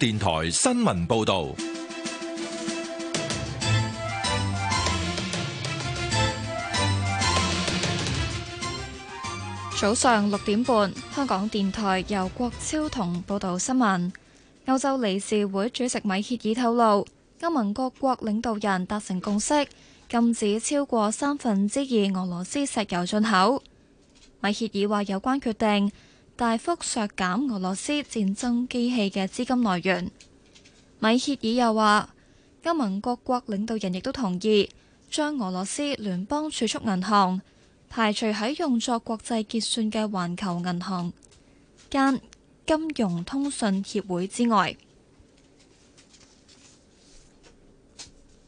電台新聞報道：早上六點半，香港電台由郭超同報道新聞。歐洲理事會主席米歇爾透露，歐盟各國領導人達成共識，禁止超過三分之二俄羅斯石油進口。米歇爾話：有關決定。大幅削減俄羅斯戰爭機器嘅資金來源。米歇爾又話：歐盟各國領導人亦都同意將俄羅斯聯邦儲蓄銀行排除喺用作國際結算嘅環球銀行間金融通訊協會之外。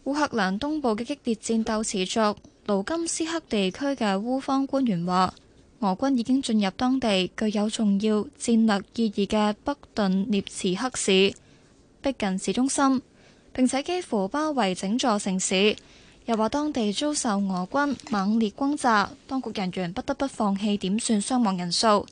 烏克蘭東部嘅激烈戰鬥持續。盧甘斯克地區嘅烏方官員話：俄軍已經進入當地具有重要戰略意義嘅北頓涅茨克市，逼近市中心，並且幾乎包圍整座城市。又話當地遭受俄軍猛烈轟炸，當局人員不得不放棄點算傷亡人數。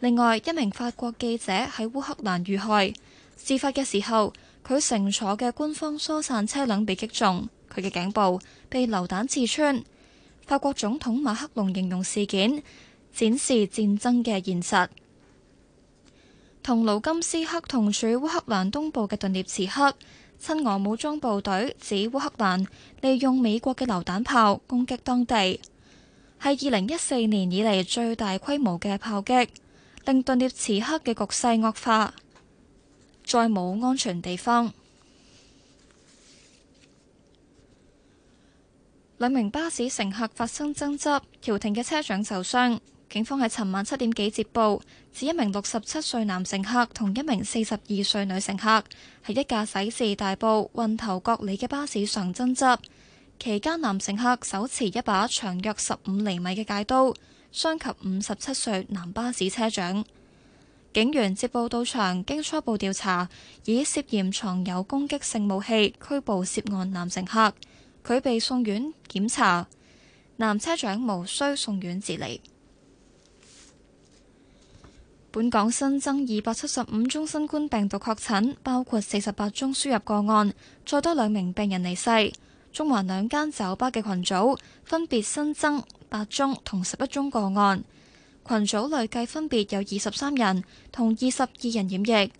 另外一名法國記者喺烏克蘭遇害，事發嘅時候佢乘坐嘅官方疏散車輛被擊中，佢嘅頸部被榴彈刺穿。法國總統馬克龍形容事件，展示戰爭嘅現實。同盧金斯克同處烏克蘭東部嘅頓涅茨克親俄武裝部隊指，烏克蘭利用美國嘅榴彈炮攻擊當地，係二零一四年以嚟最大規模嘅炮擊，令頓涅茨克嘅局勢惡化，再冇安全地方。兩名巴士乘客發生爭執，調停嘅車長受傷。警方喺尋晚七點幾接報，指一名六十七歲男乘客同一名四十二歲女乘客喺一架駛至大埔運頭角里嘅巴士上爭執，期間男乘客手持一把長約十五厘米嘅戒刀，傷及五十七歲男巴士車長。警員接報到場，經初步調查，以涉嫌藏有攻擊性武器拘捕涉案男乘客，佢被送院檢查。男車長無需送院治理。本港新增二百七十五宗新冠病毒確診，包括四十八宗輸入個案，再多兩名病人離世。中環兩間酒吧嘅群組分別新增八宗同十一宗個案，群組累計分別有二十三人同二十二人染疫。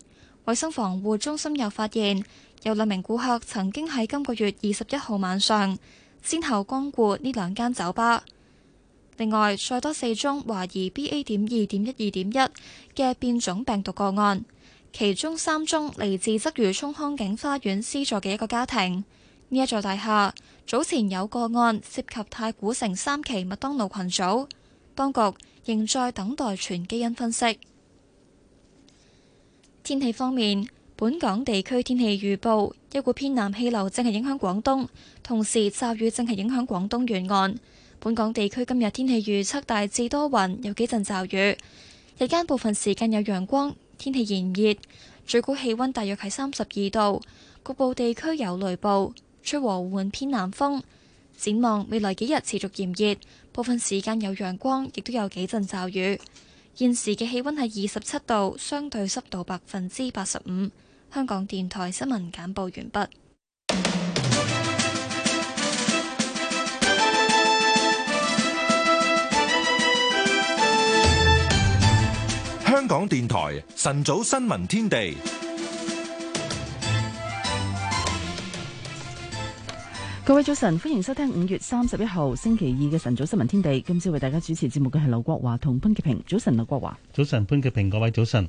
衛生防護中心又發現，有兩名顧客曾經喺今個月二十一號晚上先後光顧呢兩間酒吧。另外，再多四宗懷疑 BA. 點二點一二點一嘅變種病毒個案，其中三宗嚟自鰂魚涌康景花園 C 座嘅一個家庭。呢一座大廈早前有個案涉及太古城三期麥當勞群組，當局仍在等待全基因分析。天氣方面，本港地區天氣預報，一股偏南氣流正係影響廣東，同時驟雨正係影響廣東沿岸。本港地區今日天氣預測大致多雲，有幾陣驟雨。日間部分時間有陽光，天氣炎熱，最高氣温大約係三十二度，局部地區有雷暴，吹和緩偏南風。展望未來幾日持續炎熱，部分時間有陽光，亦都有幾陣驟雨。現時嘅氣温係二十七度，相對濕度百分之八十五。香港電台新聞簡報完畢。香港電台晨早新聞天地，各位早晨，歡迎收聽五月三十一號星期二嘅晨早新聞天地。今朝為大家主持節目嘅係劉國華同潘潔平。早晨，劉國華。早晨，潘潔平。各位早晨。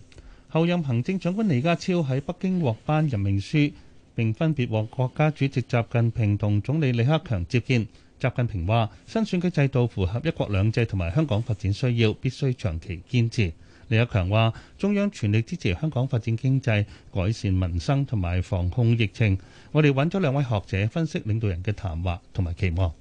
候任行政長官李家超喺北京獲頒任命書，並分別獲國家主席習近平同總理李克強接見。習近平話：新選舉制度符合一國兩制同埋香港發展需要，必須長期堅持。李克強話：中央全力支持香港發展經濟、改善民生同埋防控疫情。我哋揾咗兩位學者分析領導人嘅談話同埋期望。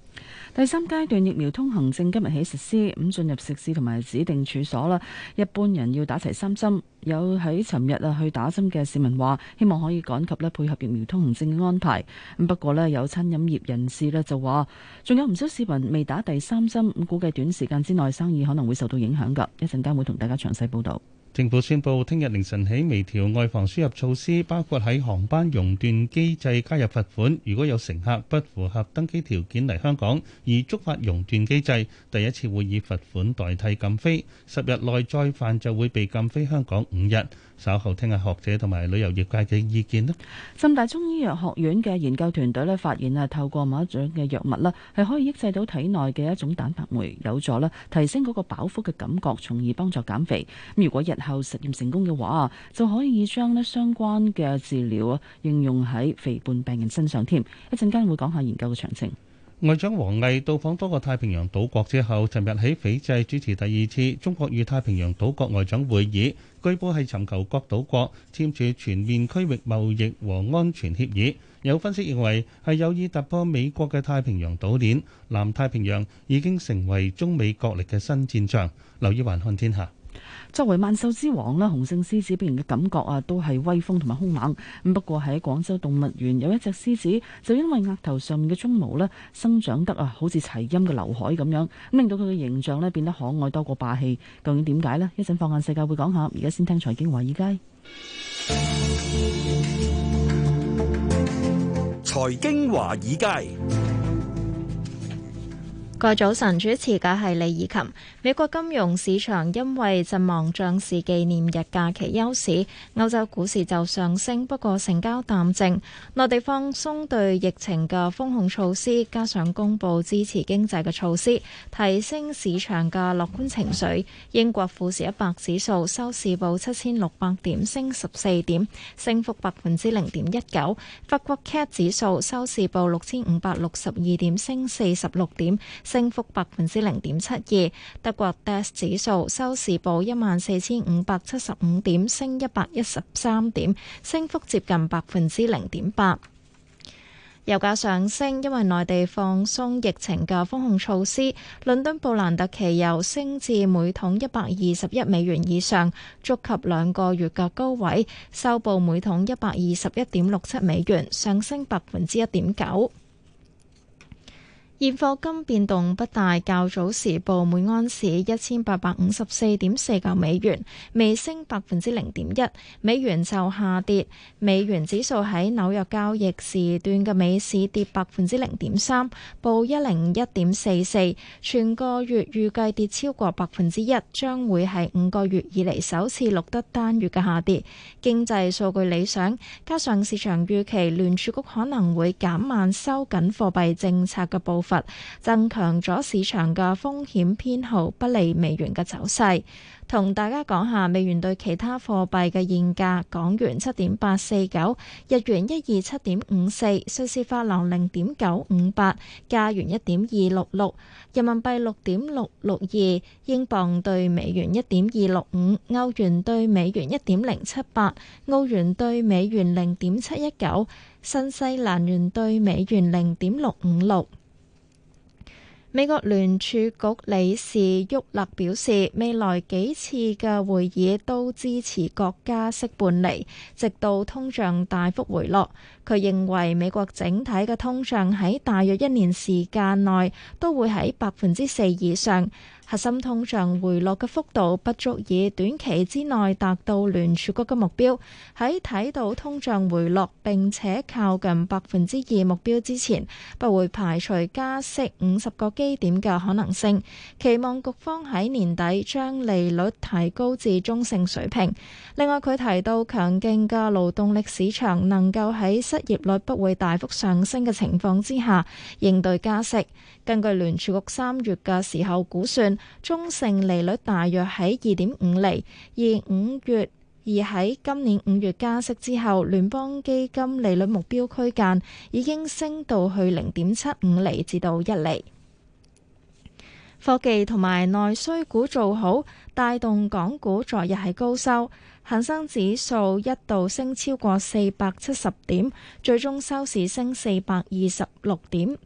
第三階段疫苗通行證今日起實施，咁進入食肆同埋指定處所啦。一般人要打齊三針，有喺尋日啊去打針嘅市民話，希望可以趕及咧配合疫苗通行證嘅安排。咁不過咧，有餐飲業人士咧就話，仲有唔少市民未打第三針，估計短時間之內生意可能會受到影響㗎。一陣間會同大家詳細報道。政府宣布，聽日凌晨起微調外防輸入措施，包括喺航班熔斷機制加入罰款。如果有乘客不符合登機條件嚟香港，而觸發熔斷機制，第一次會以罰款代替禁飛，十日內再犯就會被禁飛香港五日。稍後聽下學者同埋旅遊業界嘅意見啦。浸大中醫藥學院嘅研究團隊呢，發現啊，透過某一種嘅藥物啦，係可以抑制到體內嘅一種蛋白酶，有助啦提升嗰個飽腹嘅感覺，從而幫助減肥。咁如果日後實驗成功嘅話，就可以將呢相關嘅治療啊應用喺肥胖病人身上添。一陣間會講下研究嘅詳情。外長王毅到訪多個太平洋島國之後，尋日喺斐濟主持第二次中國與太平洋島國外長會議，據報係尋求各島國簽署全面區域貿易和安全協議。有分析認為係有意突破美國嘅太平洋島鏈，南太平洋已經成為中美角力嘅新戰場。留意環看天下。作為萬獸之王啦，雄性獅子俾人嘅感覺啊，都係威風同埋兇猛。咁不過喺廣州動物園有一隻獅子，就因為額頭上面嘅鬃毛，呢生長得啊，好似齊音嘅劉海咁樣，令到佢嘅形象呢變得可愛多過霸氣。究竟點解呢？一陣放眼世界會講下。而家先聽財經華爾街，財經華爾街。個早晨主持嘅係李以琴。美國金融市場因為陣亡將士紀念日假期休市，歐洲股市就上升，不過成交淡靜，內地放鬆對疫情嘅封控措施，加上公布支持經濟嘅措施，提升市場嘅樂觀情緒，英國富時一百指數收市報七千六百點，升十四點，升幅百分之零點一九。法國 CAC 指數收市報六千五百六十二點，升四十六點。升幅百分之零點七二，德國 DAX 指數收市報一萬四千五百七十五點，升一百一十三點，升幅接近百分之零點八。油價上升，因為內地放鬆疫情嘅防控措施，倫敦布蘭特期油升至每桶一百二十一美元以上，觸及兩個月嘅高位，收報每桶一百二十一點六七美元，上升百分之一點九。現貨金變動不大，較早時報每安士一千八百五十四點四九美元，未升百分之零點一。美元就下跌，美元指數喺紐約交易時段嘅美市跌百分之零點三，報一零一點四四。全個月預計跌超過百分之一，將會係五個月以嚟首次錄得單月嘅下跌。經濟數據理想，加上市場預期聯儲局可能會減慢收緊貨幣政策嘅步伐。罰增強咗市場嘅風險偏好，不利美元嘅走勢。同大家講下美元對其他貨幣嘅現價：港元七點八四九，日元一二七點五四，瑞士法郎零點九五八，加元一點二六六，人民幣六點六六二，英鎊對美元一點二六五，歐元對美元一點零七八，澳元對美元零點七一九，新西蘭元對美元零點六五六。美國聯儲局理事沃勒表示，未來幾次嘅會議都支持國家息半厘，直到通脹大幅回落。佢認為美國整體嘅通脹喺大約一年時間內都會喺百分之四以上。核心通脹回落嘅幅度不足以短期之內達到聯儲局嘅目標。喺睇到通脹回落並且靠近百分之二目標之前，不會排除加息五十個基點嘅可能性。期望局方喺年底將利率提高至中性水平。另外，佢提到強勁嘅勞動力市場能夠喺失業率不會大幅上升嘅情況之下，應對加息。根據聯儲局三月嘅時候估算，中性利率大約喺二點五厘。而五月而喺今年五月加息之後，聯邦基金利率目標區間已經升到去零點七五厘至到一厘。科技同埋內需股做好，帶動港股昨日係高收，恒生指數一度升超過四百七十點，最終收市升四百二十六點。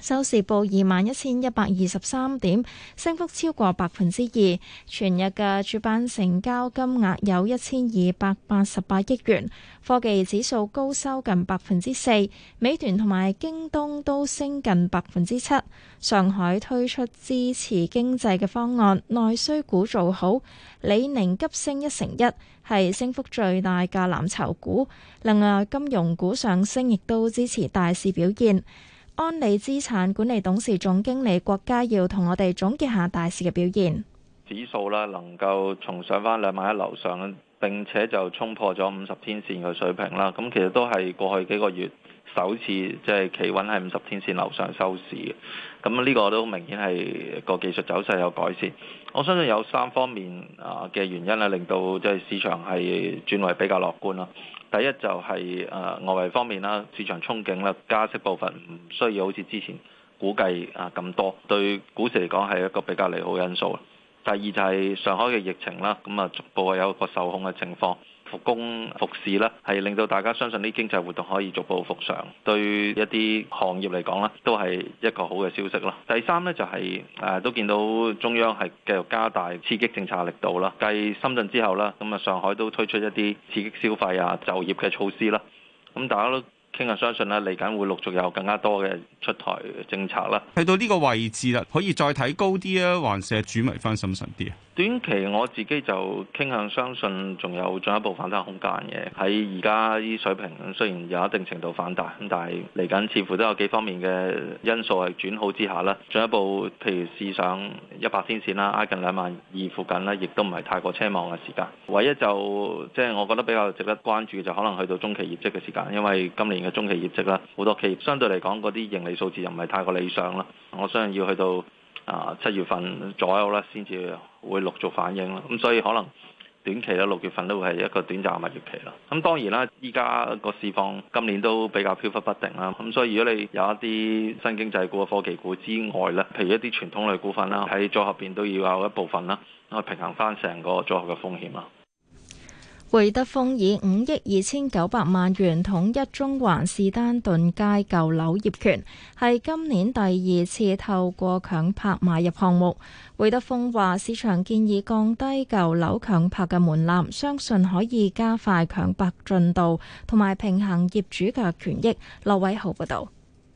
收市報二萬一千一百二十三點，升幅超過百分之二。全日嘅主板成交金額有一千二百八十八億元。科技指數高收近百分之四，美團同埋京東都升近百分之七。上海推出支持經濟嘅方案，內需股做好，李寧急升一成一，係升幅最大嘅藍籌股。另外，金融股上升亦都支持大市表現。安理資產管理董事總經理郭家耀同我哋總結下大市嘅表現。指數啦，能夠重上翻兩萬一樓上，並且就沖破咗五十天線嘅水平啦。咁其實都係過去幾個月首次即係企穩喺五十天線樓上收市，咁呢個都明顯係個技術走勢有改善。我相信有三方面啊嘅原因啊，令到即係市場係轉為比較樂觀啦。第一就係、是、誒、呃、外圍方面啦、啊，市場憧憬啦，加息部分唔需要好似之前估計啊咁多，對股市嚟講係一個比較利好因素。第二就係上海嘅疫情啦，咁啊逐步係有一個受控嘅情況。復工復市啦，係令到大家相信啲經濟活動可以逐步復常，對一啲行業嚟講啦，都係一個好嘅消息咯。第三呢，就係、是、誒、呃，都見到中央係繼續加大刺激政策力度啦。繼深圳之後啦，咁啊上海都推出一啲刺激消費啊就業嘅措施啦。咁大家都傾啊，相信啦，嚟緊會陸續有更加多嘅出台政策啦。去到呢個位置啦，可以再睇高啲啊，還是係注迷翻心神啲啊？短期我自己就傾向相信仲有進一步反彈空間嘅，喺而家啲水平雖然有一定程度反彈，但係嚟緊似乎都有幾方面嘅因素係轉好之下啦，進一步譬如試上一百天線啦，挨近兩萬二附近啦，亦都唔係太過奢望嘅時間。唯一就即係、就是、我覺得比較值得關注就可能去到中期業績嘅時間，因為今年嘅中期業績啦，好多企業相對嚟講嗰啲盈利數字又唔係太過理想啦，我相信要去到。啊，七月份左右啦，先至會陸續反映啦。咁所以可能短期咧，六月份都會係一個短暫嘅蜜月期啦。咁當然啦，依家個市況今年都比較飄忽不定啦。咁所以如果你有一啲新經濟股、科技股之外呢，譬如一啲傳統類股份啦，喺組合入邊都要有一部分啦，去平衡返成個組合嘅風險啦。匯德豐以五億二千九百萬元統一中環士丹頓街舊樓業權，係今年第二次透過強拍買入項目。匯德豐話市場建議降低舊樓強拍嘅門檻，相信可以加快強拍進度，同埋平衡業主嘅權益。劉偉豪報道。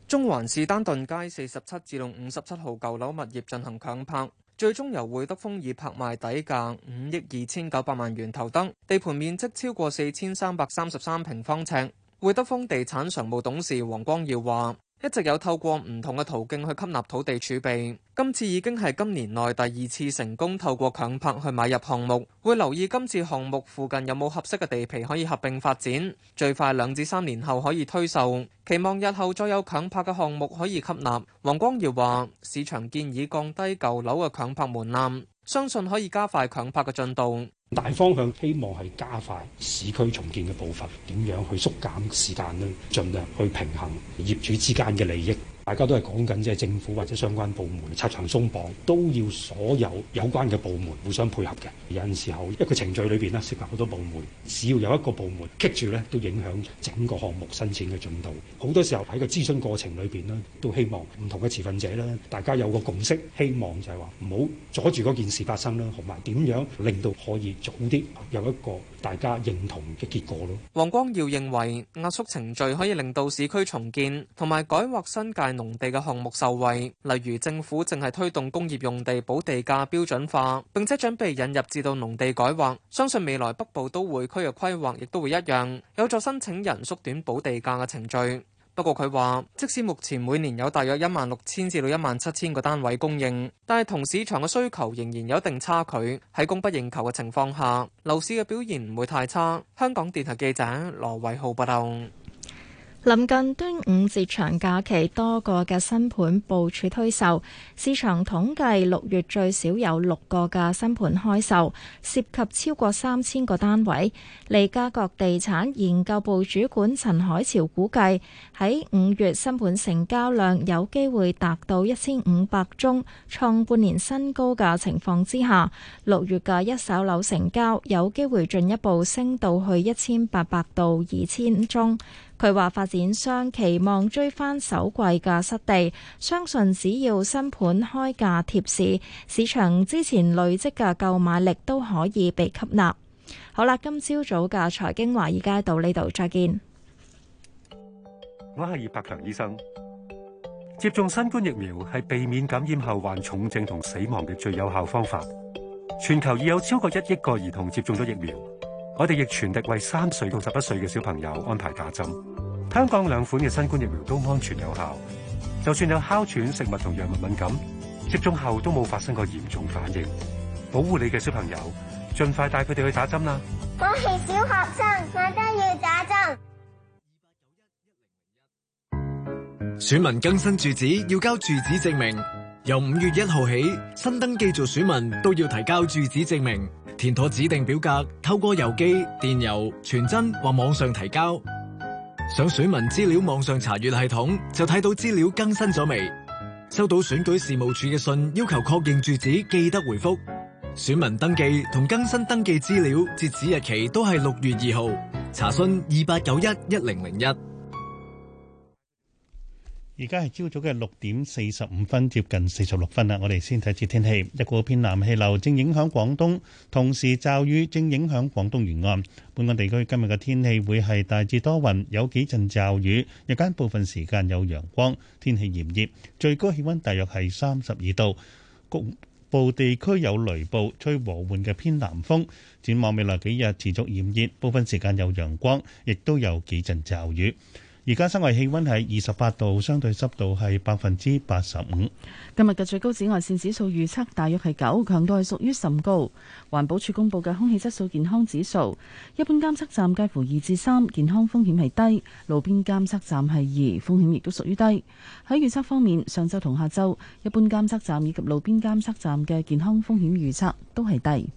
中環士丹頓街四十七至到五十七號舊樓物業進行強拍。最終由匯德豐以拍賣底價五億二千九百萬元投得，地盤面積超過四千三百三十三平方尺。匯德豐地產常務董事黃光耀話。一直有透過唔同嘅途徑去吸納土地儲備，今次已經係今年內第二次成功透過強拍去買入項目，會留意今次項目附近有冇合適嘅地皮可以合併發展，最快兩至三年後可以推售，期望日後再有強拍嘅項目可以吸納。黃光耀話：市場建議降低舊樓嘅強拍門檻，相信可以加快強拍嘅進度。大方向希望係加快市區重建嘅步伐，點樣去縮減時間咧？盡量去平衡業主之間嘅利益。大家都係講緊即係政府或者相關部門拆牆鬆綁，都要所有有關嘅部門互相配合嘅。有陣時候，一個程序裏邊呢，涉及好多部門，只要有一個部門棘住呢，都影響整個項目申請嘅進度。好多時候喺個諮詢過程裏邊呢，都希望唔同嘅持份者呢，大家有個共識，希望就係話唔好阻住嗰件事發生啦，同埋點樣令到可以早啲有一個大家認同嘅結果咯。黃光耀認為壓縮程序可以令到市區重建同埋改劃新界農地嘅項目受惠，例如政府正係推動工業用地補地價標準化，並且準備引入至到農地改劃，相信未來北部都會區嘅規劃亦都會一樣，有助申請人縮短補地價嘅程序。不過佢話，即使目前每年有大約一萬六千至到一萬七千個單位供應，但係同市場嘅需求仍然有一定差距。喺供不應求嘅情況下，樓市嘅表現唔會太差。香港電台記者羅偉浩報道。臨近端午節長假期，多個嘅新盤部署推售。市場統計六月最少有六個嘅新盤開售，涉及超過三千個單位。利嘉閣地產研究部主管陳海潮估計，喺五月新盤成交量有機會達到一千五百宗，創半年新高嘅情況之下，六月嘅一手樓成交有機會進一步升到去一千八百到二千宗。佢話發展商期望追翻首季嘅失地，相信只要新盤開價貼市，市場之前累積嘅購買力都可以被吸納。好啦，今朝早嘅財經華爾街到呢度再見。我係葉柏強醫生，接種新冠疫苗係避免感染後患重症同死亡嘅最有效方法。全球已有超過一億個兒童接種咗疫苗。我哋亦全力為三歲到十一歲嘅小朋友安排打針。香港兩款嘅新冠疫苗都安全有效，就算有哮喘、食物同藥物敏感，接種後都冇發生過嚴重反應。保護你嘅小朋友，盡快帶佢哋去打針啦！我係小學生，我都要打針。二八九一一零零一，選民更新住址要交住址證明。由五月一號起，新登記做選民都要提交住址證明，填妥指定表格，透過郵寄、電郵、傳真或網上提交。上選民資料網上查閱系統就睇到資料更新咗未？收到選舉事務處嘅信，要求確認住址，記得回覆。選民登記同更新登記資料截止日期都係六月二號。查詢二八九一一零零一。而家係朝早嘅六點四十五分，接近四十六分啦。我哋先睇次天氣，一股偏南氣流正影響廣東，同時驟雨正影響廣東沿岸。本港地區今日嘅天氣會係大致多雲，有幾陣驟雨，日間部分時間有陽光，天氣炎熱，最高氣溫大約係三十二度。局部地區有雷暴，吹和緩嘅偏南風。展望未來幾日持續炎熱，部分時間有陽光，亦都有幾陣驟雨。而家室外氣溫係二十八度，相對濕度係百分之八十五。今日嘅最高紫外線指數預測大約係九，強度係屬於甚高。環保署公布嘅空氣質素健康指數，一般監測站介乎二至三，健康風險係低；路邊監測站係二，風險亦都屬於低。喺預測方面，上周同下周，一般監測站以及路邊監測站嘅健康風險預測都係低。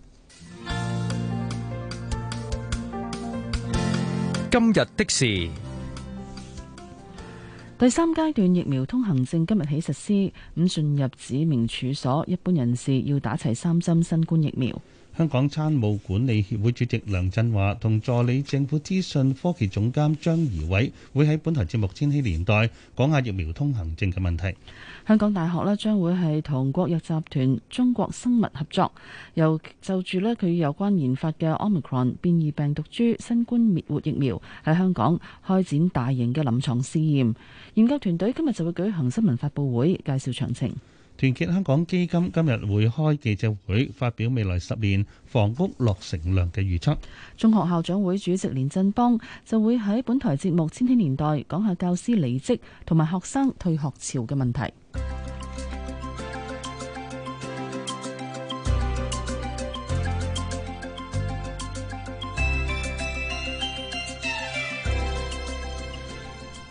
今日的事。第三階段疫苗通行證今日起實施，咁進入指明處所，一般人士要打齊三針新冠疫苗。香港餐務管理協會主席梁振華同助理政府資訊科技總監張怡偉會喺本台節目《千禧年代》講下疫苗通行證嘅問題。香港大學咧將會係同國藥集團中國生物合作，由就住咧佢有關研發嘅 omicron 變異病毒株新冠滅活疫苗喺香港開展大型嘅臨床試驗。研究團隊今日就會舉行新聞發布會介紹詳情。團結香港基金今日會開記者會，發表未來十年房屋落成量嘅預測。中學校長會主席連振邦就會喺本台節目《千禧年代》講下教師離職同埋學生退學潮嘅問題。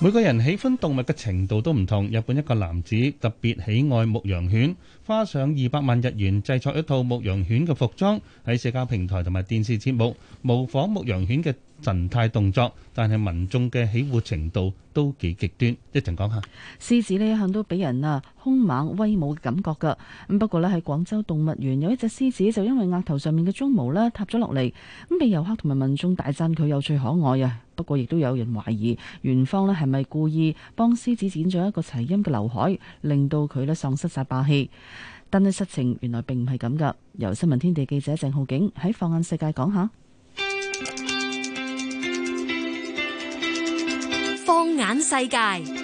每個人喜歡動物嘅程度都唔同。日本一個男子特別喜愛牧羊犬。花上二百萬日元製作一套牧羊犬嘅服裝，喺社交平台同埋電視節目模仿牧羊犬嘅神態動作，但係民眾嘅起鬨程度都幾極端。講一陣講下，獅子呢一向都俾人啊兇猛威武嘅感覺㗎。咁不過呢，喺廣州動物園有一隻獅子就因為額頭上面嘅鬃毛呢塌咗落嚟，咁被遊客同埋民眾大讚佢有趣可愛啊。不過亦都有人懷疑園方呢係咪故意幫獅子剪咗一個齊陰嘅劉海，令到佢呢喪失晒霸氣。但係實情原來並唔係咁噶，由新聞天地記者鄭浩景喺放眼世界講下。放眼世界，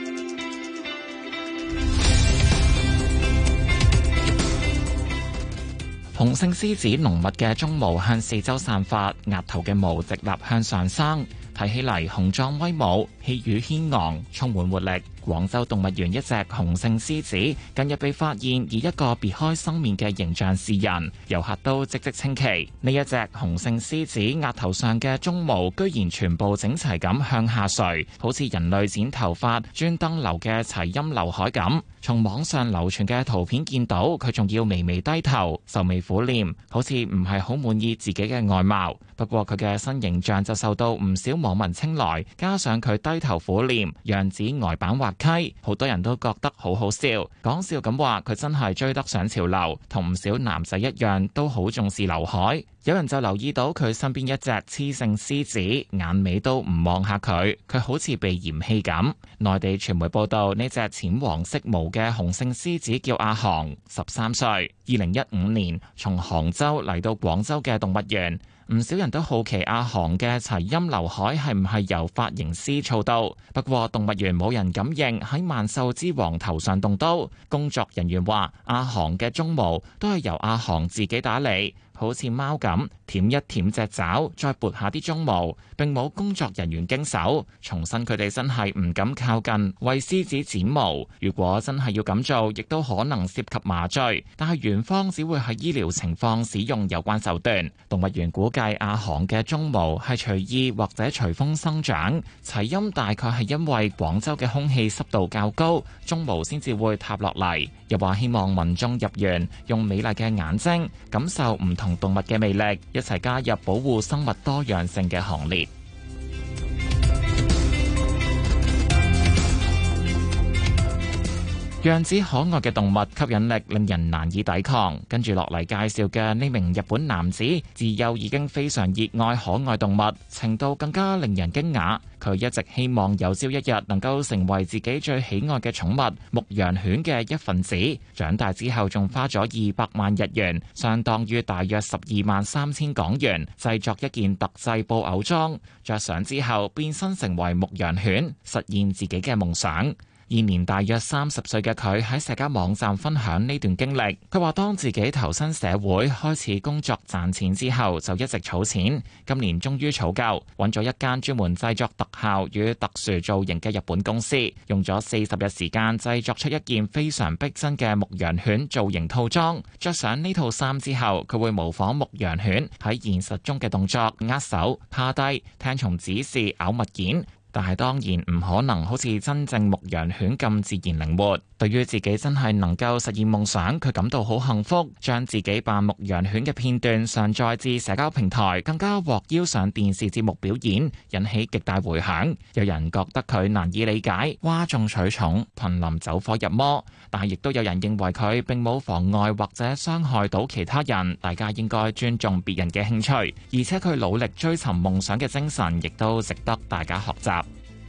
雄性獅子濃密嘅鬃毛向四周散發，額頭嘅毛直立向上生，睇起嚟雄壯威武，氣宇軒昂，充滿活力。廣州動物園一隻雄性獅子近日被發現以一個別開生面嘅形象示人，遊客都嘖嘖稱奇。呢一隻雄性獅子額頭上嘅鬃毛，居然全部整齊咁向下垂，好似人類剪頭髮專登留嘅齊陰劉海咁。從網上流傳嘅圖片見到，佢仲要微微低頭，愁眉苦臉，好似唔係好滿意自己嘅外貌。不過佢嘅新形象就受到唔少網民青睞，加上佢低頭苦臉，樣子呆板滑。好多人都覺得好好笑，講笑咁話佢真係追得上潮流，同唔少男仔一樣都好重視劉海。有人就留意到佢身邊一隻雌性獅子，眼尾都唔望下佢，佢好似被嫌棄咁。內地傳媒報道，呢隻淺黃色毛嘅雄性獅子叫阿航，十三歲，二零一五年從杭州嚟到廣州嘅動物園。唔少人都好奇阿航嘅齊陰劉海係唔係由髮型師操刀？不過動物園冇人敢認喺萬獸之王頭上動刀。工作人員話，阿航嘅鬃毛都係由阿航自己打理。好似貓咁舔一舔隻爪，再撥下啲鬃毛。並冇工作人員經手，重申佢哋真係唔敢靠近為獅子剪毛。如果真係要咁做，亦都可能涉及麻醉。但係園方只會喺醫療情況使用有關手段。動物園估計亞航嘅鬃毛係隨意或者隨風生長，起因大概係因為廣州嘅空氣濕度較高，鬃毛先至會塌落嚟。又話希望民眾入園用美麗嘅眼睛感受唔同。動物嘅魅力，一齊加入保護生物多樣性嘅行列。樣子可愛嘅動物吸引力令人難以抵抗。跟住落嚟介紹嘅呢名日本男子，自幼已經非常熱愛可愛動物，程度更加令人驚訝。佢一直希望有朝一日能夠成為自己最喜愛嘅寵物牧羊犬嘅一份子。長大之後，仲花咗二百萬日元（相當於大約十二萬三千港元），製作一件特製布偶裝，着上之後變身成為牧羊犬，實現自己嘅夢想。現年大約三十歲嘅佢喺社交網站分享呢段經歷。佢話：當自己投身社會開始工作賺錢之後，就一直儲錢。今年終於儲夠，揾咗一間專門製作特效與特殊造型嘅日本公司，用咗四十日時間製作出一件非常逼真嘅牧羊犬造型套裝。着上呢套衫之後，佢會模仿牧羊犬喺現實中嘅動作，握手、趴低、聽從指示、咬物件。但係當然唔可能好似真正牧羊犬咁自然靈活。對於自己真係能夠實現夢想，佢感到好幸福。將自己扮牧羊犬嘅片段上載至社交平台，更加獲邀上電視節目表演，引起極大迴響。有人覺得佢難以理解、嘩眾取寵、瀕臨走火入魔，但係亦都有人認為佢並冇妨礙或者傷害到其他人。大家應該尊重別人嘅興趣，而且佢努力追尋夢想嘅精神，亦都值得大家學習。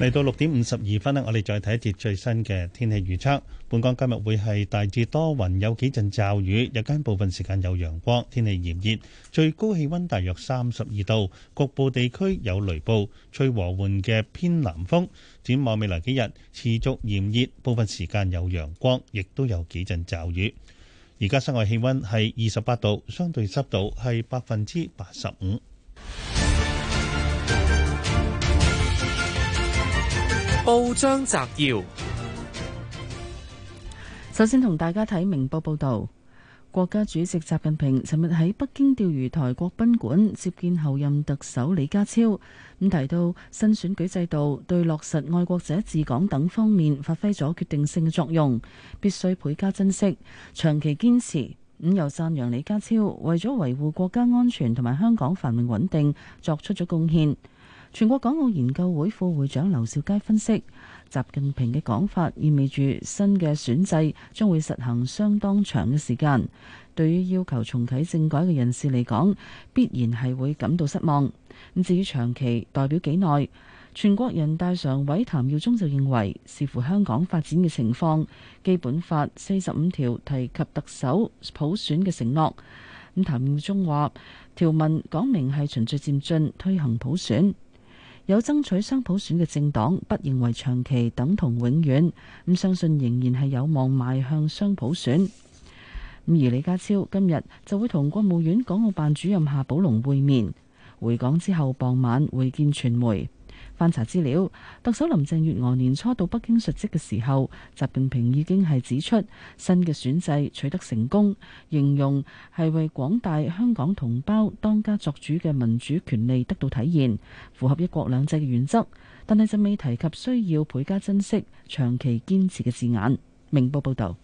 嚟到六點五十二分咧，我哋再睇一節最新嘅天氣預測。本港今日會係大致多雲，有幾陣驟雨，日間部分時間有陽光，天氣炎熱，最高氣温大約三十二度，局部地區有雷暴，吹和緩嘅偏南風。展望未來幾日持續炎熱，部分時間有陽光，亦都有幾陣驟雨。而家室外氣温係二十八度，相對濕度係百分之八十五。報章摘要：首先同大家睇明報報道，國家主席習近平尋日喺北京釣魚台國賓館接見候任特首李家超，咁提到新選舉制度對落實愛國者治港等方面發揮咗決定性嘅作用，必須倍加珍惜，長期堅持。咁又讚揚李家超為咗維護國家安全同埋香港繁榮穩定作出咗貢獻。全國港澳研究會副會長劉兆佳分析，習近平嘅講法意味住新嘅選制將會實行相當長嘅時間。對於要求重啟政改嘅人士嚟講，必然係會感到失望。咁至於長期代表幾耐，全國人大常委譚耀宗就認為，視乎香港發展嘅情況，《基本法》四十五條提及特首普選嘅承諾。咁譚耀宗話：條文講明係循序漸進推行普選。有爭取雙普選嘅政黨不認為長期等同永遠，咁相信仍然係有望邁向雙普選。咁而李家超今日就會同國務院港澳辦主任夏寶龍會面，回港之後傍晚會見傳媒。翻查資料，特首林鄭月娥年初到北京述職嘅時候，習近平已經係指出新嘅選制取得成功，形容係為廣大香港同胞當家作主嘅民主權利得到體現，符合一國兩制嘅原則。但係就未提及需要倍加珍惜、長期堅持嘅字眼。明報報導。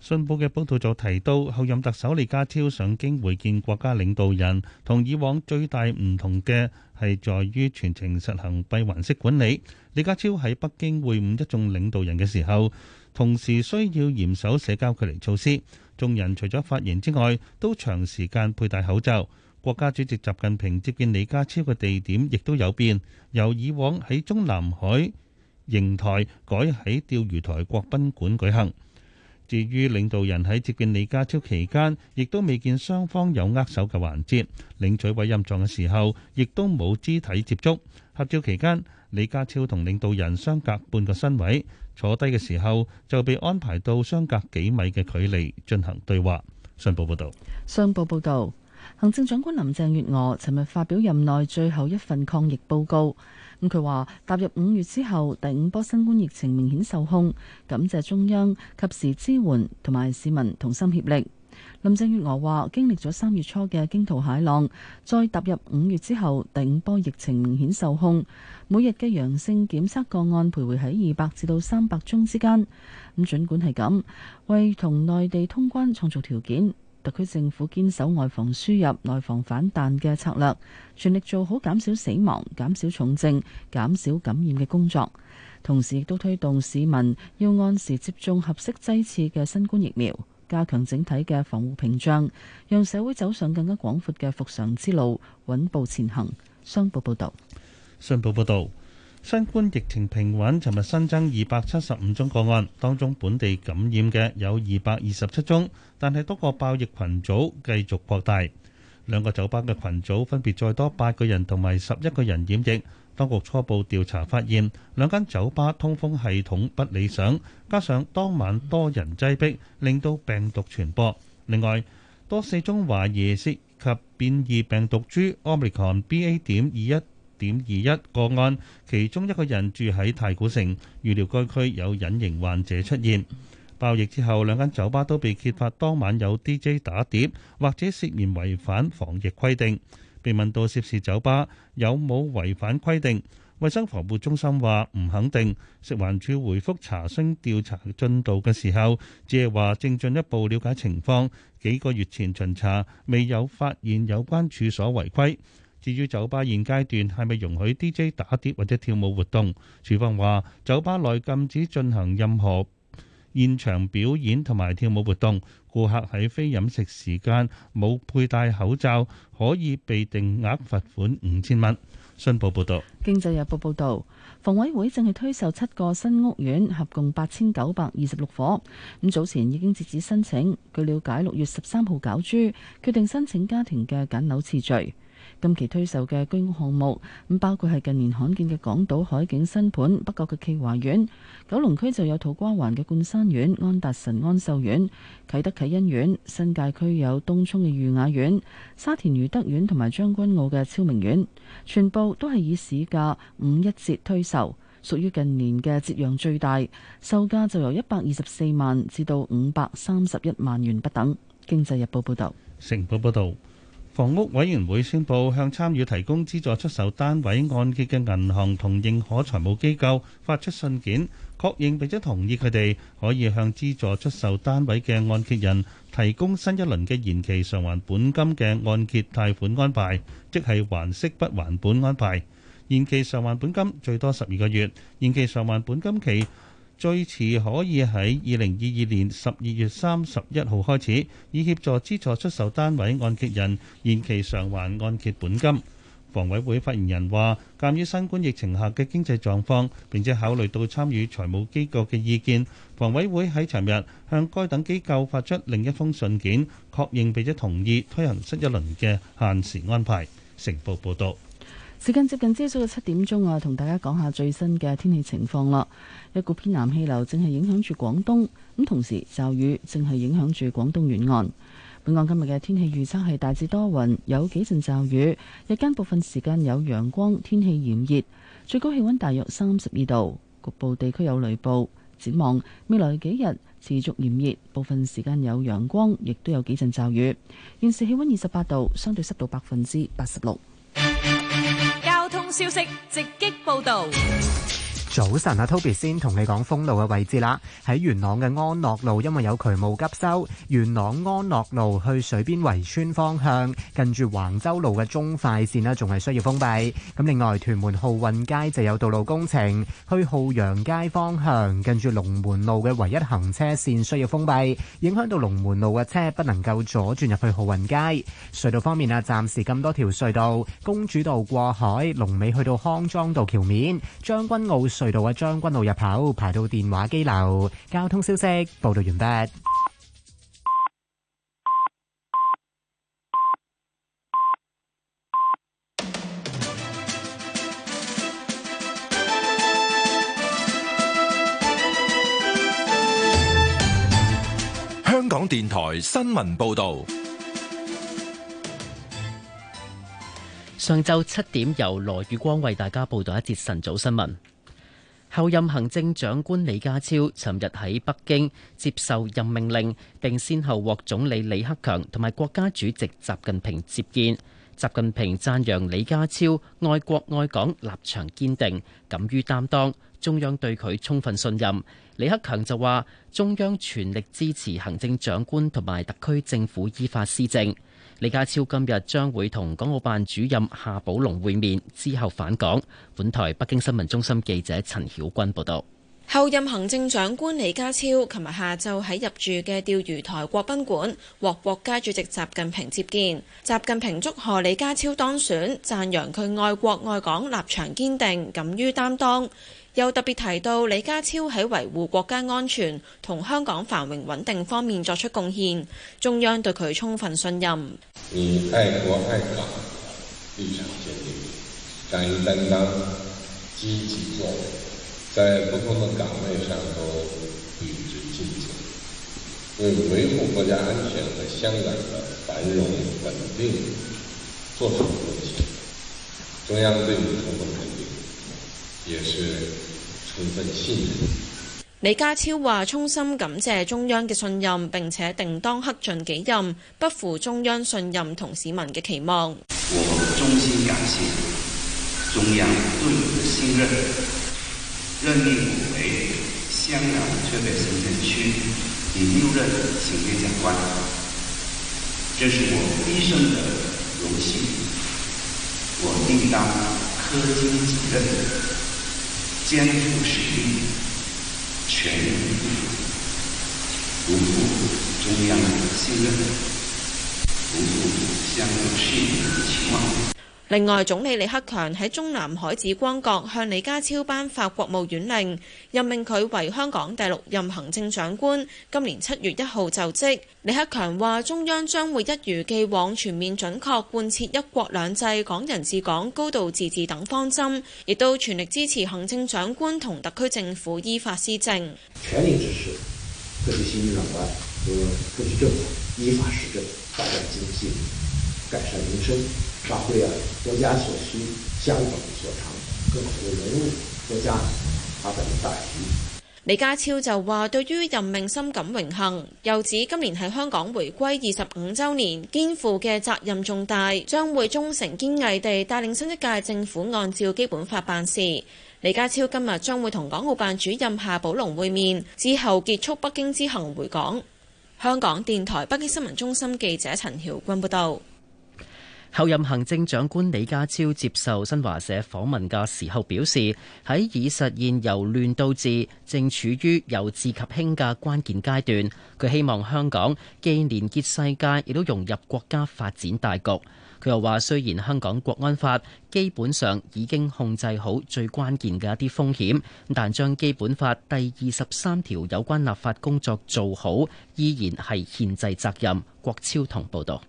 信報嘅報導就提到，候任特首李家超上京會見國家領導人，同以往最大唔同嘅係在於全程實行閉環式管理。李家超喺北京會晤一眾領導人嘅時候，同時需要嚴守社交距離措施。眾人除咗發言之外，都長時間佩戴口罩。國家主席習近平接見李家超嘅地點亦都有變，由以往喺中南海瀛台改喺釣魚台國賓館舉行。至於領導人喺接見李家超期間，亦都未見雙方有握手嘅環節；領取委任狀嘅時候，亦都冇肢體接觸。合照期間，李家超同領導人相隔半個身位，坐低嘅時候就被安排到相隔幾米嘅距離進行對話。信報報道。信報報導。行政長官林鄭月娥尋日發表任內最後一份抗疫報告，咁佢話踏入五月之後第五波新冠疫情明顯受控，感謝中央及時支援同埋市民同心協力。林鄭月娥話：經歷咗三月初嘅驚濤駭浪，再踏入五月之後第五波疫情明顯受控，每日嘅陽性檢測個案徘徊喺二百至到三百宗之間。咁盡管係咁，為同內地通關創造條件。特區政府堅守外防輸入、內防反彈嘅策略，全力做好減少死亡、減少重症、減少感染嘅工作，同時亦都推動市民要按時接種合適劑次嘅新冠疫苗，加強整體嘅防護屏障，讓社會走上更加廣闊嘅復常之路，穩步前行。商報報道。商報報道。新冠疫情平穩，尋日新增二百七十五宗個案，當中本地感染嘅有二百二十七宗，但係多個爆疫群組繼續擴大。兩個酒吧嘅群組分別再多八個人同埋十一個人染疫。當局初步調查發現，兩間酒吧通風系統不理想，加上當晚多人擠逼，令到病毒傳播。另外，多四宗懷疑涉及變異病毒株 Omicron BA. 點二一。點二一個案，其中一個人住喺太古城，預料該區有隱形患者出現。爆疫之後，兩間酒吧都被揭發當晚有 DJ 打碟，或者涉嫌違反防疫規定。被問到涉事酒吧有冇違反規定，衛生防護中心話唔肯定。食環署回覆查詢調查進度嘅時候，只係話正進一步了解情況。幾個月前巡查未有發現有關處所違規。至於酒吧現階段係咪容許 DJ 打碟或者跳舞活動？署方話酒吧內禁止進行任何現場表演同埋跳舞活動。顧客喺非飲食時間冇佩戴口罩，可以被定額罰款五千蚊。新報報導，《經濟日報》報導，房委會正係推售七個新屋苑，合共八千九百二十六伙。咁早前已經截止申請。據了解，六月十三號攪珠，決定申請家庭嘅揀樓次序。今期推售嘅居屋項目，咁包括係近年罕見嘅港島海景新盤北角嘅驥華苑，九龍區就有土瓜灣嘅冠山苑、安達臣安秀苑、啟德啟欣苑，新界區有東涌嘅裕雅苑、沙田愉德苑同埋將軍澳嘅昭明苑，全部都係以市價五一折推售，屬於近年嘅折讓最大，售價就由一百二十四萬至到五百三十一萬元不等。經濟日報報道。成報報導。房屋委員會宣布向參與提供資助出售單位按揭嘅銀行同認可財務機構發出信件，確認並且同意佢哋可以向資助出售單位嘅按揭人提供新一輪嘅延期償還本金嘅按揭貸款安排，即係還息不還本安排。延期償還本金最多十二個月，延期償還本金期。最遲可以喺二零二二年十二月三十一號開始，以協助資助出售單位按揭人延期償還按揭本金。房委會發言人話，鑑於新冠疫情下嘅經濟狀況，並且考慮到參與財務機構嘅意見，房委會喺尋日向該等機構發出另一封信件，確認並且同意推行新一輪嘅限時安排。成報報道。時間接近朝早嘅七點鐘啊，同大家講下最新嘅天氣情況啦。一股偏南氣流正係影響住廣東，咁同時驟雨正係影響住廣東沿岸。本港今日嘅天氣預測係大致多雲，有幾陣驟雨，日間部分時間有陽光，天氣炎熱，最高氣溫大約三十二度，局部地區有雷暴。展望未來幾日持續炎熱，部分時間有陽光，亦都有幾陣驟雨。現時氣溫二十八度，相對濕度百分之八十六。消息直擊報導。早晨啊，Toby 先同你講封路嘅位置啦。喺元朗嘅安樂路，因為有渠務急修，元朗安樂路去水邊圍村方向，近住橫州路嘅中快線咧，仲係需要封閉。咁另外屯門浩運街就有道路工程，去浩洋街方向，近住龍門路嘅唯一行車線需要封閉，影響到龍門路嘅車不能夠左轉入去浩運街。隧道方面啊，暫時咁多條隧道，公主道過海，龍尾去到康莊道橋面，將軍澳隧。去到將軍澳入口排到電話機樓，交通消息報道完畢。香港電台新聞報道，上晝七點由羅宇光為大家報道一節晨早新聞。候任行政長官李家超尋日喺北京接受任命令，並先後獲總理李克強同埋國家主席習近平接見。習近平讚揚李家超愛國愛港，立場堅定，敢於擔當，中央對佢充分信任。李克強就話，中央全力支持行政長官同埋特區政府依法施政。李家超今日將會同港澳辦主任夏寶龍會面，之後返港。本台北京新聞中心記者陳曉君報道。候任行政長官李家超琴日下晝喺入住嘅釣魚台國賓館獲國家主席習近平接見，習近平祝賀李家超當選，讚揚佢愛國愛港，立場堅定，敢於擔當。又特別提到李家超喺維護國家安全同香港繁榮穩定方面作出貢獻，中央對佢充分信任。你愛國愛港，立場堅定，敢於擔當，積極作為，在不同的崗位上都銳意進取，為維護國，國家安全和香港的繁榮穩定作出貢獻，中央對你充分肯定，也是。李家超話：衷心感謝中央嘅信任，並且定當恪盡己任，不負中央信任同市民嘅期望。我衷心感謝中央對我的信任，任命我為香港特別行政區第六任行政長官，這是我畢生的榮幸。我定當恪盡己任。肩負使命，全力以赴，不負中央的信任，不負香港市民的期望。另外，總理李克強喺中南海紫光閣向李家超頒發國務院令，任命佢為香港第六任行政長官，今年七月一號就職。李克強話：中央將會一如既往全面準確貫徹一國兩制、港人治港、高度自治等方針，亦都全力支持行政長官同特區政府依法施政。發揮啊，國家所需，香港所長，更好融入國家發展大局。李家超就話：對於任命深感榮幸，又指今年係香港回歸二十五週年，肩負嘅責任重大，將會忠誠堅毅地帶領新一屆政府按照基本法辦事。李家超今日將會同港澳辦主任夏寶龍會面，之後結束北京之行回港。香港電台北京新聞中心記者陳曉君報道。候任行政長官李家超接受新華社訪問嘅時候表示，喺已實現由亂到治，正處於由治及興嘅關鍵階段。佢希望香港既連結世界，亦都融入國家發展大局。佢又話，雖然香港國安法基本上已經控制好最關鍵嘅一啲風險，但將基本法第二十三條有關立法工作做好，依然係憲制責任。郭超同報道。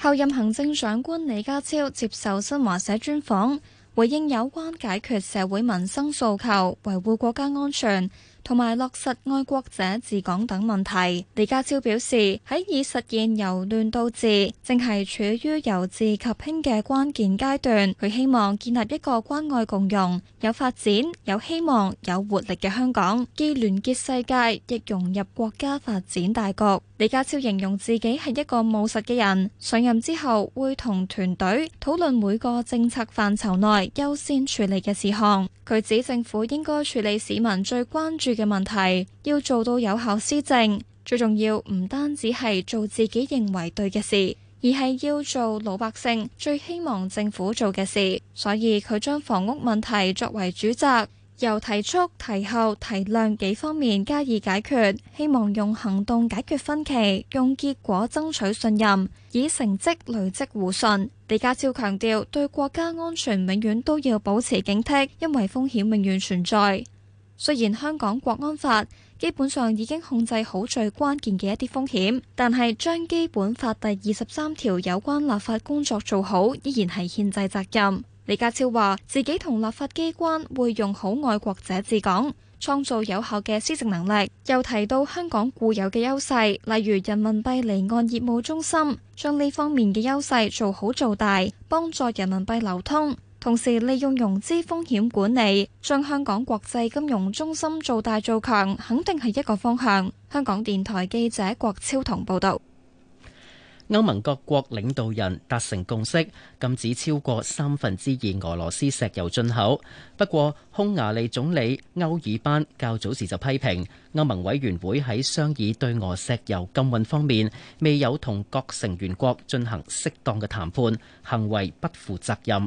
候任行政長官李家超接受新華社專訪，回應有關解決社會民生訴求、維護國家安全，同埋落實愛國者治港等問題，李家超表示喺，已實現由亂到治，正係處於由治及興嘅關鍵階段。佢希望建立一個關愛共融、有發展、有希望、有活力嘅香港，既聯結世界，亦融入國家發展大局。李家超形容自己係一個務實嘅人，上任之後會同團隊討論每個政策範疇內優先處理嘅事項，佢指政府應該處理市民最關注嘅問題要做到有效施政，最重要唔單止係做自己認為對嘅事，而係要做老百姓最希望政府做嘅事。所以佢將房屋問題作為主責，由提速、提後、提量幾方面加以解決，希望用行動解決分歧，用結果爭取信任，以成績累積互信。李家超強調，對國家安全永遠都要保持警惕，因為風險永遠存在。雖然香港國安法基本上已經控制好最關鍵嘅一啲風險，但係將基本法第二十三條有關立法工作做好，依然係憲制責任。李家超話：自己同立法機關會用好愛國者治港，創造有效嘅施政能力。又提到香港固有嘅優勢，例如人民幣離岸業務中心，將呢方面嘅優勢做好做大，幫助人民幣流通。同時利用融資風險管理，將香港國際金融中心做大做強，肯定係一個方向。香港電台記者郭超同報道。歐盟各國領導人達成共識，禁止超過三分之二俄羅斯石油進口。不過，匈牙利總理歐爾班較早時就批評歐盟委員會喺商議對俄石油禁運方面，未有同各成員國進行適當嘅談判，行為不負責任。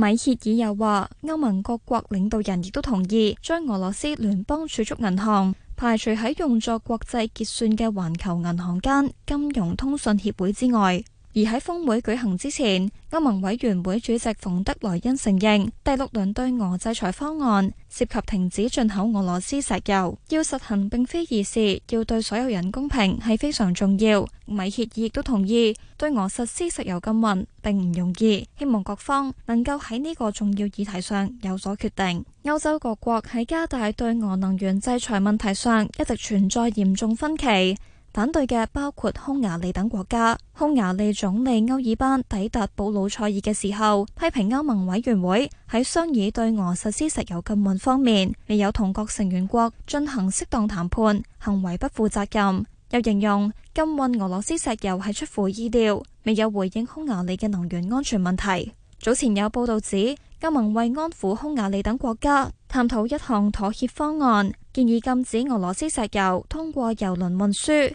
米歇爾又話，歐盟各國領導人亦都同意將俄羅斯聯邦儲蓄銀行排除喺用作國際結算嘅環球銀行間金融通訊協會之外。而喺峰會舉行之前，歐盟委員會主席馮德萊恩承認，第六輪對俄制裁方案涉及停止進口俄羅斯石油，要實行並非易事，要對所有人公平係非常重要。米歇爾亦都同意，對俄實施石油禁運並唔容易，希望各方能夠喺呢個重要議題上有所決定。歐洲各國喺加大對俄能源制裁問題上一直存在嚴重分歧。反對嘅包括匈牙利等國家。匈牙利總理歐爾班抵達布魯塞爾嘅時候，批評歐盟委員會喺商議對俄實施石油禁運方面未有同各成員國進行適當談判，行為不負責任。又形容禁運俄羅斯石油係出乎意料，未有回應匈牙利嘅能源安全問題。早前有報道指，歐盟為安撫匈牙利等國家，探討一項妥協方案，建議禁止俄羅斯石油通過油輪運輸。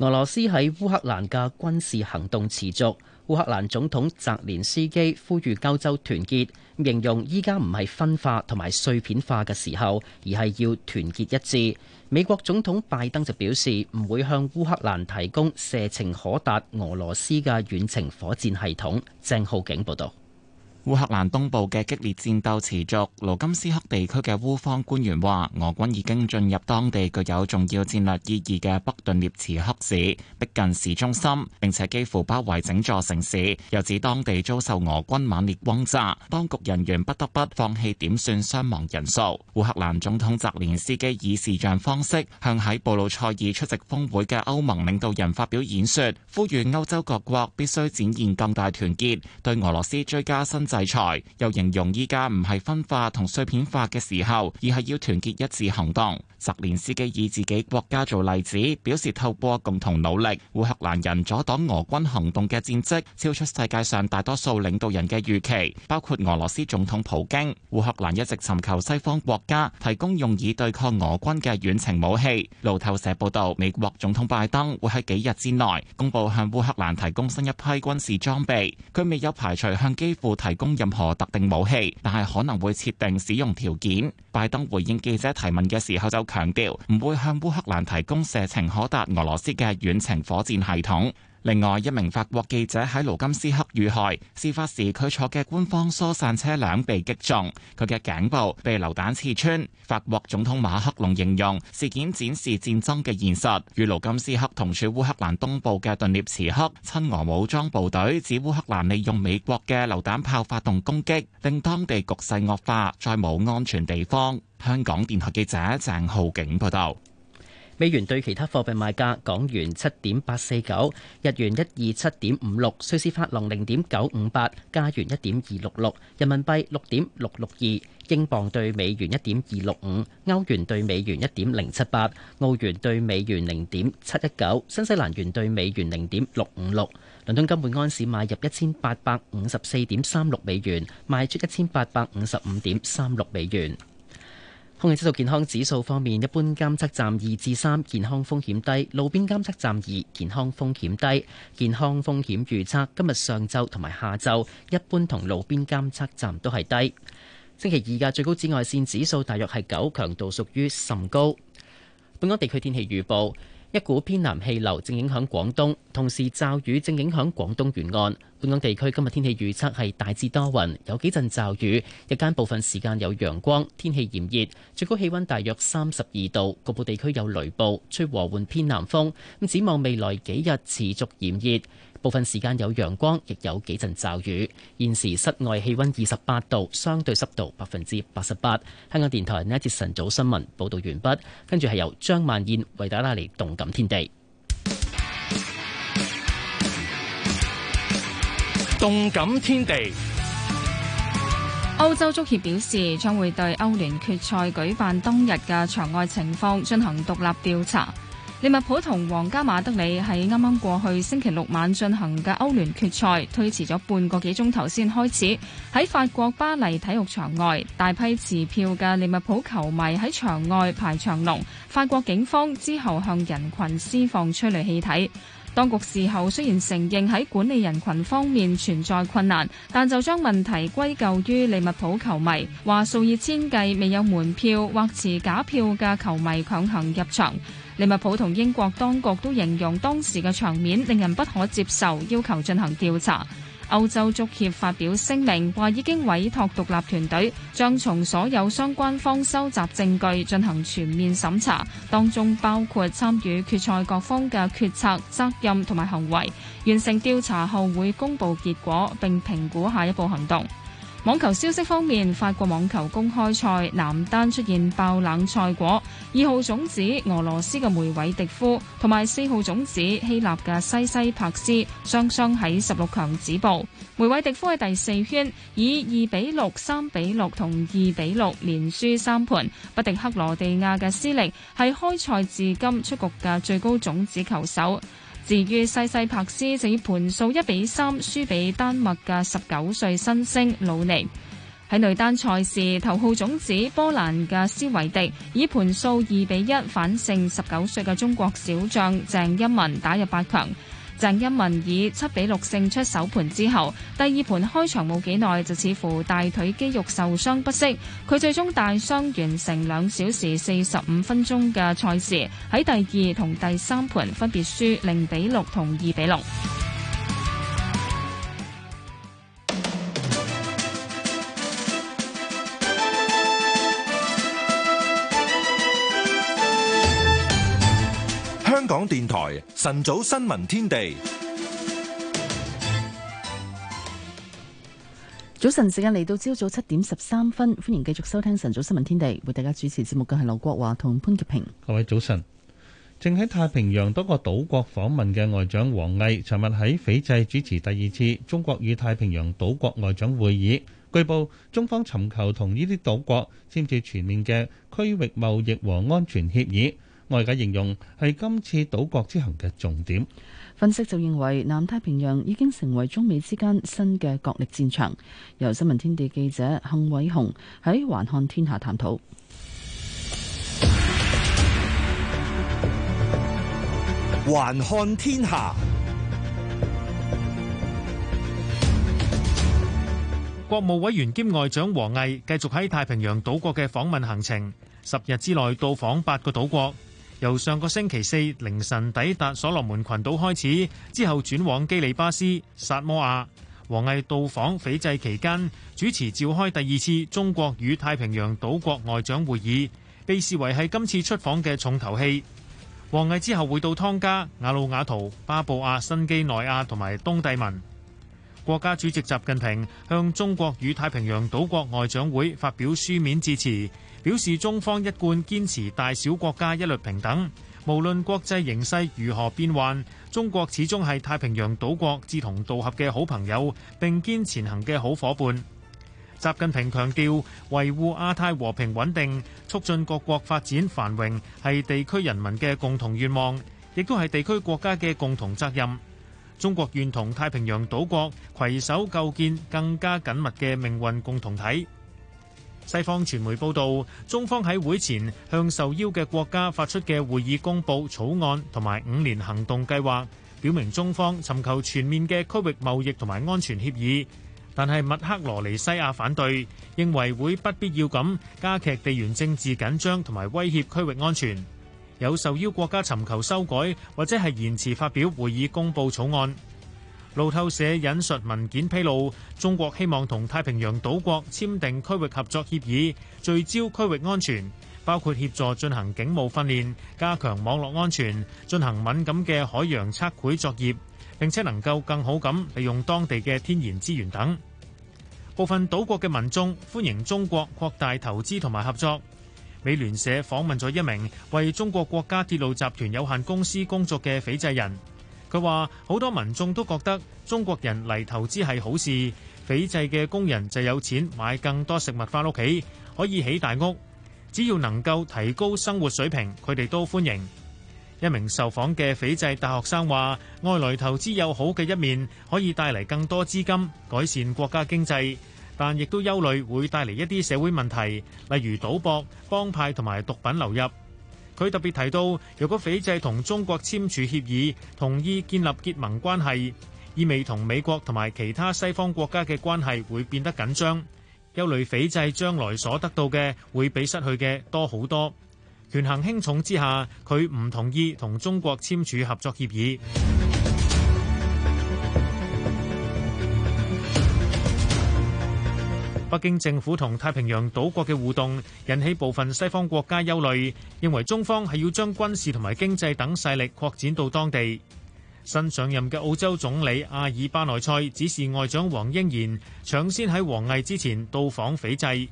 俄羅斯喺烏克蘭嘅軍事行動持續，烏克蘭總統澤連斯基呼籲歐洲團結，形容依家唔係分化同埋碎片化嘅時候，而係要團結一致。美國總統拜登就表示唔會向烏克蘭提供射程可達俄羅斯嘅遠程火箭系統。鄭浩景報道。烏克蘭東部嘅激烈戰鬥持續。盧甘斯克地區嘅烏方官員話，俄軍已經進入當地具有重要戰略意義嘅北頓涅茨克市，逼近市中心，並且幾乎包圍整座城市。又指當地遭受俄軍猛烈轟炸，當局人員不得不放棄點算傷亡人數。烏克蘭總統澤連斯基以視像方式向喺布魯塞爾出席峰會嘅歐盟領導人發表演說，呼籲歐洲各國必須展現更大團結，對俄羅斯追加新責。題材又形容依家唔係分化同碎片化嘅時候，而係要團結一致行動。澤連斯基以自己國家做例子，表示透過共同努力，烏克蘭人阻擋俄軍行動嘅戰績超出世界上大多數領導人嘅預期，包括俄羅斯總統普京。烏克蘭一直尋求西方國家提供用以對抗俄軍嘅遠程武器。路透社報道，美國總統拜登會喺幾日之內公布向烏克蘭提供新一批軍事裝備，佢未有排除向基輔提供。任何特定武器，但係可能會設定使用條件。拜登回應記者提問嘅時候就強調，唔會向烏克蘭提供射程可達俄羅斯嘅遠程火箭系統。另外一名法國記者喺盧金斯克遇害，事發時，佢坐嘅官方疏散車輛被擊中，佢嘅頸部被榴彈刺穿。法國總統馬克龍形容事件展示戰爭嘅現實，與盧金斯克同處烏克蘭東部嘅頓涅茨克親俄武裝部隊指烏克蘭利用美國嘅榴彈炮發動攻擊，令當地局勢惡化，再冇安全地方。香港電台記者鄭浩景報道。美元對其他貨幣賣價：港元七點八四九，日元一二七點五六，瑞士法郎零點九五八，加元一點二六六，人民幣六點六六二，英鎊對美元一點二六五，歐元對美元一點零七八，澳元對美元零點七一九，新西蘭元對美元零點六五六。倫敦金每安士買入一千八百五十四點三六美元，賣出一千八百五十五點三六美元。空氣質素健康指數方面，一般監測站二至三，健康風險低；路邊監測站二，健康風險低。健康風險預測今日上晝同埋下晝，一般同路邊監測站都係低。星期二嘅最高紫外線指數大約係九，強度屬於甚高。本港地區天氣預報。一股偏南氣流正影響廣東，同時驟雨正影響廣東沿岸。本港地區今日天，天氣預測係大致多雲，有幾陣驟雨，日間部分時間有陽光，天氣炎熱，最高氣温大約三十二度。局部地區有雷暴，吹和緩偏南風。咁展望未來幾日持續炎熱。部分時間有陽光，亦有幾陣驟雨。現時室外氣温二十八度，相對濕度百分之八十八。香港電台呢一節晨早新聞報道完畢，跟住係由張曼燕為大家嚟動感天地。動感天地。天地，歐洲足協表示，將會對歐聯決賽舉辦當日嘅場外情況進行獨立調查。利物浦同皇家馬德里喺啱啱過去星期六晚進行嘅歐聯決賽，推遲咗半個幾鐘頭先開始。喺法國巴黎體育場外，大批持票嘅利物浦球迷喺場外排長龍。法國警方之後向人群施放催淚氣體。當局事後雖然承認喺管理人群方面存在困難，但就將問題歸咎於利物浦球迷，話數以千計未有門票或持假票嘅球迷強行入場。利物浦同英國當局都形容當時嘅場面令人不可接受，要求進行調查。歐洲足協發表聲明話，已經委託獨立團隊將從所有相關方收集證據進行全面審查，當中包括參與決賽各方嘅決策、責任同埋行為。完成調查後會公佈結果並評估下一步行動。網球消息方面，法國網球公開賽男單出現爆冷賽果，二號種子俄羅斯嘅梅偉迪夫同埋四號種子希臘嘅西西帕斯雙雙喺十六強止步。梅偉迪夫喺第四圈以二比六、三比六同二比六連輸三盤。不敵克羅地亞嘅斯力，係開賽至今出局嘅最高種子球手。至於西西柏斯，就以盤數一比三輸俾丹麥嘅十九歲新星魯尼。喺女單賽事，頭號種子波蘭嘅斯維迪以盤數二比一反勝十九歲嘅中國小將鄭欽文，打入八強。鄭欽文以七比六勝出首盤之後，第二盤開場冇幾耐就似乎大腿肌肉受傷不適，佢最終大傷完成兩小時四十五分鐘嘅賽事。喺第二同第三盤分別輸零比六同二比六。港電台晨早新聞天地，早晨時間嚟到朝早七點十三分，歡迎繼續收聽晨早新聞天地，為大家主持節目嘅係劉國華同潘潔平。各位早晨，正喺太平洋多個島國訪問嘅外長王毅，尋日喺斐濟主持第二次中國與太平洋島國外長會議，據報中方尋求同呢啲島國簽署全面嘅區域貿易和安全協議。外界形容係今次島國之行嘅重點。分析就認為南太平洋已經成為中美之間新嘅角力戰場。由新聞天地記者幸偉雄喺《環看天下》探討。環看天下。國務委員兼外長王毅繼續喺太平洋島國嘅訪問行程，十日之內到訪八個島國。由上個星期四凌晨抵達所羅門群島開始，之後轉往基里巴斯、薩摩亞。王毅到訪斐濟期間，主持召開第二次中國與太平洋島國外長會議，被視為係今次出訪嘅重頭戲。王毅之後回到湯加、瓦努阿圖、巴布亞新畿內亞同埋東帝汶。國家主席習近平向中國與太平洋島國外長會發表書面致詞。表示中方一貫堅持大小國家一律平等，無論國際形勢如何變幻，中國始終係太平洋島國志同道合嘅好朋友，並肩前行嘅好夥伴。習近平強調，維護亞太和平穩定、促進各國發展繁榮，係地區人民嘅共同願望，亦都係地區國家嘅共同責任。中國願同太平洋島國攜手構建更加緊密嘅命運共同體。西方傳媒報導，中方喺會前向受邀嘅國家發出嘅會議公佈草案同埋五年行動計劃，表明中方尋求全面嘅區域貿易同埋安全協議。但係密克羅尼西亞反對，認為會不必要咁加劇地緣政治緊張同埋威脅區域安全。有受邀國家尋求修改或者係延遲發表會議公佈草案。路透社引述文件披露，中國希望同太平洋島國簽訂區域合作協議，聚焦區域安全，包括協助進行警務訓練，加強網絡安全，進行敏感嘅海洋測繪作業，並且能夠更好咁利用當地嘅天然資源等。部分島國嘅民眾歡迎中國擴大投資同埋合作。美聯社訪問咗一名為中國國家鐵路集團有限公司工作嘅斐濟人。佢話：好多民眾都覺得中國人嚟投資係好事，斐濟嘅工人就有錢買更多食物翻屋企，可以起大屋。只要能夠提高生活水平，佢哋都歡迎。一名受訪嘅斐濟大學生話：外來投資有好嘅一面，可以帶嚟更多資金，改善國家經濟，但亦都憂慮會帶嚟一啲社會問題，例如賭博、幫派同埋毒品流入。佢特別提到，若果斐濟同中國簽署協議，同意建立結盟關係，意味同美國同埋其他西方國家嘅關係會變得緊張，憂慮斐濟將來所得到嘅會比失去嘅多好多。權衡輕重之下，佢唔同意同中國簽署合作協議。北京政府同太平洋島國嘅互動，引起部分西方國家憂慮，認為中方係要將軍事同埋經濟等勢力擴展到當地。新上任嘅澳洲總理阿爾巴內塞指示外長黃英賢搶先喺王毅之前到訪斐濟，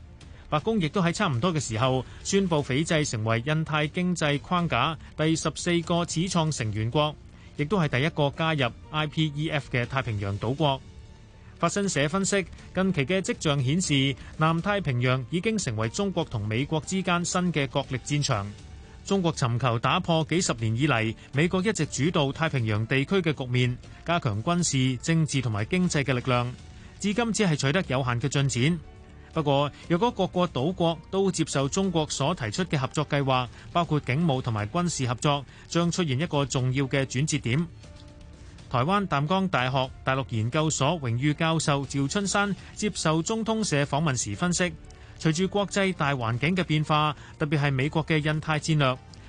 白宮亦都喺差唔多嘅時候宣布斐濟成為印太經濟框架第十四個始創成員國，亦都係第一個加入 IPEF 嘅太平洋島國。法新社分析，近期嘅跡象顯示，南太平洋已經成為中國同美國之間新嘅角力戰場，中國尋求打破幾十年以嚟美國一直主導太平洋地區嘅局面，加強軍事、政治同埋經濟嘅力量。至今只係取得有限嘅進展。不過若果各國島國都接受中國所提出嘅合作計劃，包括警務同埋軍事合作，將出現一個重要嘅轉折點。台灣淡江大學大陸研究所榮譽教授趙春山接受中通社訪問時分析：隨住國際大環境嘅變化，特別係美國嘅印太戰略，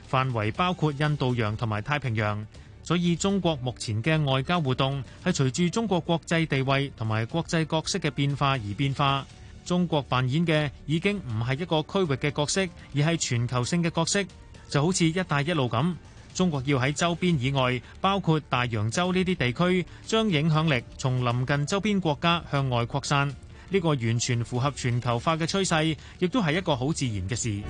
範圍包括印度洋同埋太平洋，所以中國目前嘅外交活動係隨住中國國際地位同埋國際角色嘅變化而變化。中國扮演嘅已經唔係一個區域嘅角色，而係全球性嘅角色，就好似一帶一路咁。中國要喺周邊以外，包括大洋洲呢啲地區，將影響力從臨近周邊國家向外擴散。呢個完全符合全球化嘅趨勢，亦都係一個好自然嘅事。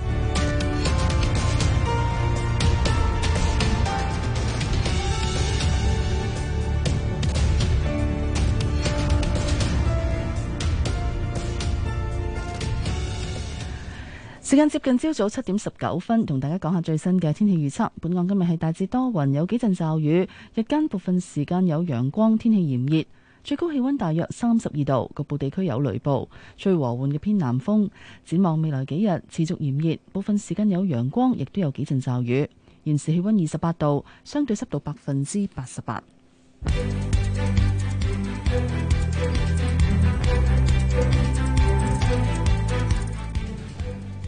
時間接近朝早七點十九分，同大家講下最新嘅天氣預測。本港今日係大致多雲，有幾陣驟雨，日間部分時間有陽光，天氣炎熱，最高氣溫大約三十二度，局部地區有雷暴，吹和緩嘅偏南風。展望未來幾日持續炎熱，部分時間有陽光，亦都有幾陣驟雨。現時氣溫二十八度，相對濕度百分之八十八。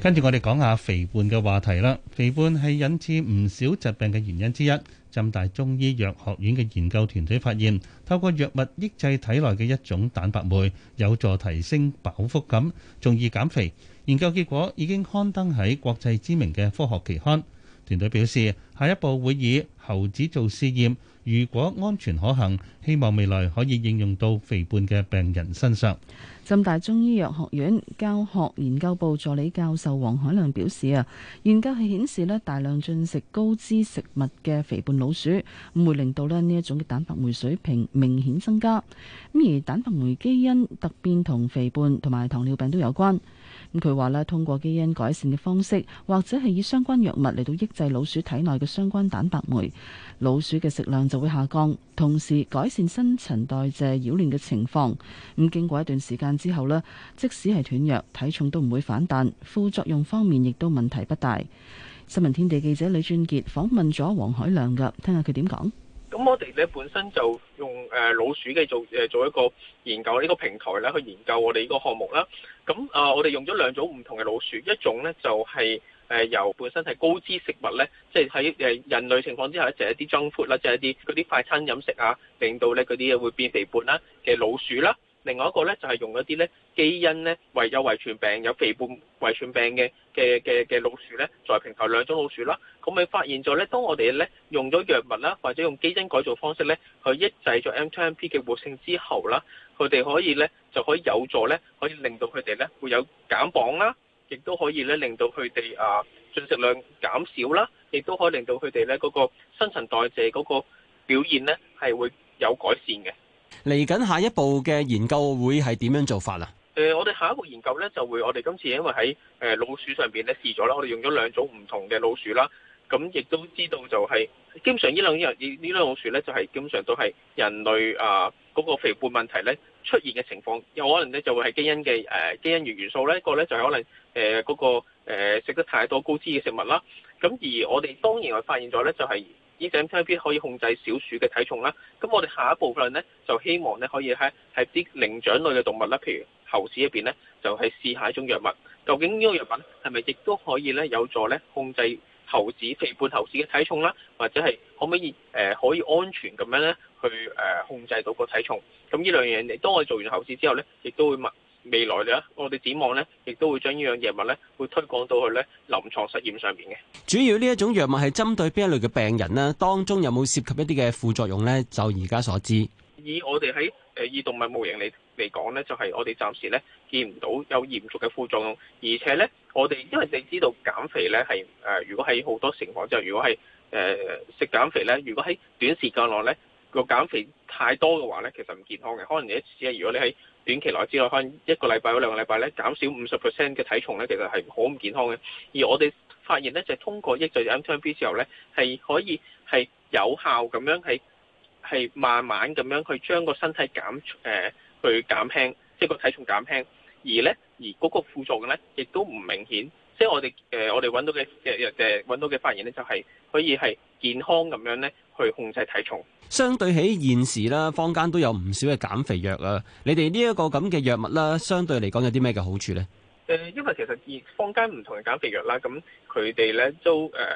跟住我哋講下肥胖嘅話題啦。肥胖係引致唔少疾病嘅原因之一。浸大中醫藥學院嘅研究團隊發現，透過藥物抑制體內嘅一種蛋白酶，有助提升飽腹感，仲易減肥。研究結果已經刊登喺國際知名嘅科學期刊。團隊表示，下一步會以猴子做試驗，如果安全可行，希望未來可以應用到肥胖嘅病人身上。浸大中醫藥學院教學研究部助理教授黃海亮表示啊，研究係顯示咧大量進食高脂食物嘅肥胖老鼠，唔會令到咧呢一種嘅蛋白酶水平明顯增加。咁而蛋白酶基因突變同肥胖同埋糖尿病都有關。咁佢話呢，通過基因改善嘅方式，或者係以相關藥物嚟到抑制老鼠體內嘅相關蛋白酶，老鼠嘅食量就會下降，同時改善新陳代謝擾亂嘅情況。咁經過一段時間之後呢，即使係斷藥，體重都唔會反彈，副作用方面亦都問題不大。新聞天地記者李俊杰訪問咗黃海亮噶，聽下佢點講。咁我哋咧本身就用誒老鼠嘅做誒做一個研究呢個平台咧，去研究我哋呢個項目啦。咁啊，我哋用咗兩種唔同嘅老鼠，一種咧就係、是、誒由本身係高脂食物咧，即係喺誒人類情況之下，就係、是、一啲增肥啦，就係一啲啲快餐飲食啊，令到咧嗰啲嘢會變肥胖啦嘅老鼠啦。另外一個咧就係用一啲咧基因咧，患有遺傳病、有肥胖遺傳病嘅嘅嘅嘅老鼠咧，在平頭兩種老鼠啦，咁你發現咗咧，當我哋咧用咗藥物啦，或者用基因改造方式咧，去抑制咗 MTMP 嘅活性之後啦，佢哋可以咧就可以有助咧，可以令到佢哋咧會有減磅啦，亦都可以咧令到佢哋啊進食量減少啦，亦都可以令到佢哋咧嗰個新陳代謝嗰個表現咧係會有改善嘅。嚟緊下一步嘅研究會係點樣做法啊？誒、呃，我哋下一步研究咧就會，我哋今次因為喺誒、呃、老鼠上邊咧試咗啦，我哋用咗兩種唔同嘅老鼠啦，咁亦都知道就係、是，基本上呢兩種呢呢兩老鼠咧就係，基本上都係人類啊嗰、呃那個肥胖問題咧出現嘅情況，有可能咧就會係基因嘅誒、呃、基因元元素咧，一、那個咧就係可能誒嗰、呃那個誒、呃、食得太多高脂嘅食物啦，咁而我哋當然我發現咗咧就係、是。呢隻 MTP 可以控制小鼠嘅體重啦、啊，咁我哋下一部分咧就希望咧可以喺係啲靈長類嘅動物啦，譬如猴子入邊咧就係、是、試下一種藥物，究竟呢個藥品係咪亦都可以咧有助咧控制猴子肥胖猴子嘅體重啦、啊，或者係可唔可以誒可以安全咁樣咧去誒控制到個體重？咁呢兩樣嘢，當我哋做完猴子之後咧，亦都會問。未來咧，我哋展望咧，亦都會將呢樣藥物咧，會推廣到去咧臨床實驗上面嘅。主要呢一種藥物係針對邊一類嘅病人呢？當中有冇涉及一啲嘅副作用咧？就而家所知，以我哋喺誒二動物模型嚟嚟講咧，就係、是、我哋暫時咧見唔到有嚴重嘅副作用。而且咧，我哋因為你知道減肥咧係誒，如果喺好多情況之後，如果係誒、呃、食減肥咧，如果喺短時間內咧。個減肥太多嘅話咧，其實唔健康嘅。可能一次啊，如果你喺短期內之內，可能一個禮拜或兩個禮拜咧，減少五十 percent 嘅體重咧，其實係好唔健康嘅。而我哋發現咧，就係、是、通過抑制 AMPB 之後咧，係可以係有效咁樣係係慢慢咁樣去將個身體減誒、呃、去減輕，即係個體重減輕。而咧，而嗰個副作用嘅咧，亦都唔明顯。即、就、係、是、我哋誒、呃，我哋揾到嘅誒誒揾到嘅發現咧，就係、是、可以係健康咁樣咧去控制體重。相對起現時啦，坊間都有唔少嘅減肥藥啦。你哋呢一個咁嘅藥物啦，相對嚟講有啲咩嘅好處呢？誒，因為其實而坊間唔同嘅減肥藥啦，咁佢哋咧都誒。呃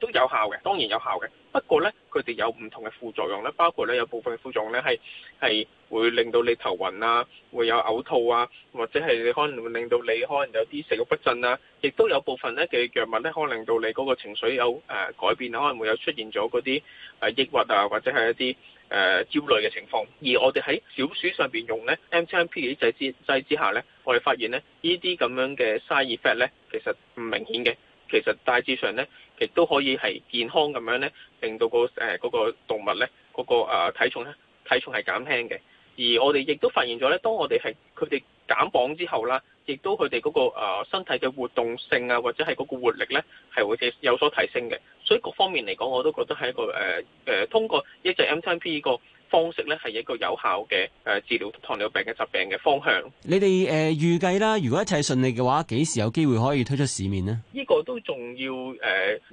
都有效嘅，當然有效嘅。不過呢，佢哋有唔同嘅副作用呢，包括呢有部分嘅副作用呢，係係會令到你頭暈啊，會有嘔吐啊，或者係你可能會令到你可能有啲食欲不振啊。亦都有部分呢嘅藥物呢，可能令到你嗰個情緒有誒改變啊，可能會有出現咗嗰啲誒抑鬱啊，或者係一啲誒焦慮嘅情況。而我哋喺小鼠上邊用呢 MPTP 嘅劑之下呢，我哋發現呢，呢啲咁樣嘅 side effect 呢，其實唔明顯嘅。其實大致上呢。亦都可以係健康咁樣咧，令到個誒嗰個動物呢嗰、嗰個啊體重咧，體重係減輕嘅。而我哋亦都發現咗呢，當我哋係佢哋減磅之後啦，亦都佢哋嗰個身體嘅活動性啊，或者係嗰個活力呢係會有所提升嘅。所以各方面嚟講，我都覺得係一個誒誒、呃，通過一隻 MTP、這個。方式咧，係一個有效嘅誒治療糖尿病嘅疾病嘅方向。你哋誒預計啦，如果一切順利嘅話，幾時有機會可以推出市面呢？呢個都仲要誒，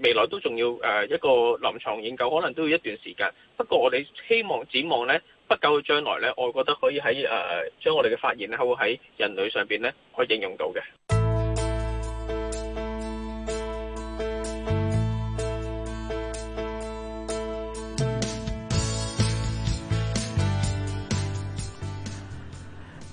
未來都仲要誒一個臨床研究，可能都要一段時間。不過我哋希望展望咧，不久嘅將來咧，我覺得可以喺誒將我哋嘅發現咧，會喺人類上面咧，可以應用到嘅。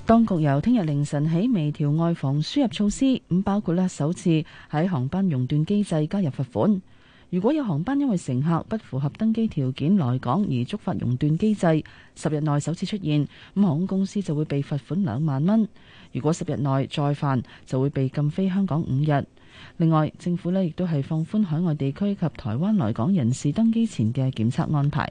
當局由聽日凌晨起微調外防輸入措施，咁包括呢首次喺航班熔斷機制加入罰款。如果有航班因為乘客不符合登機條件來港而觸發熔斷機制，十日內首次出現，咁航空公司就會被罰款兩萬蚊。如果十日內再犯，就會被禁飛香港五日。另外，政府呢亦都係放寬海外地區及台灣來港人士登機前嘅檢測安排。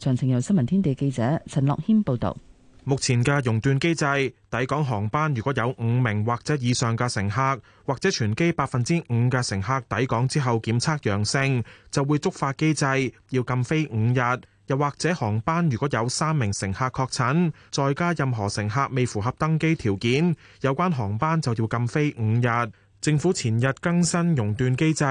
詳情由新聞天地記者陳樂謙報道。目前嘅熔斷機制，抵港航班如果有五名或者以上嘅乘客，或者全機百分之五嘅乘客抵港之後檢測陽性，就會觸發機制，要禁飛五日。又或者航班如果有三名乘客確診，再加任何乘客未符合登機條件，有關航班就要禁飛五日。政府前日更新熔斷機制，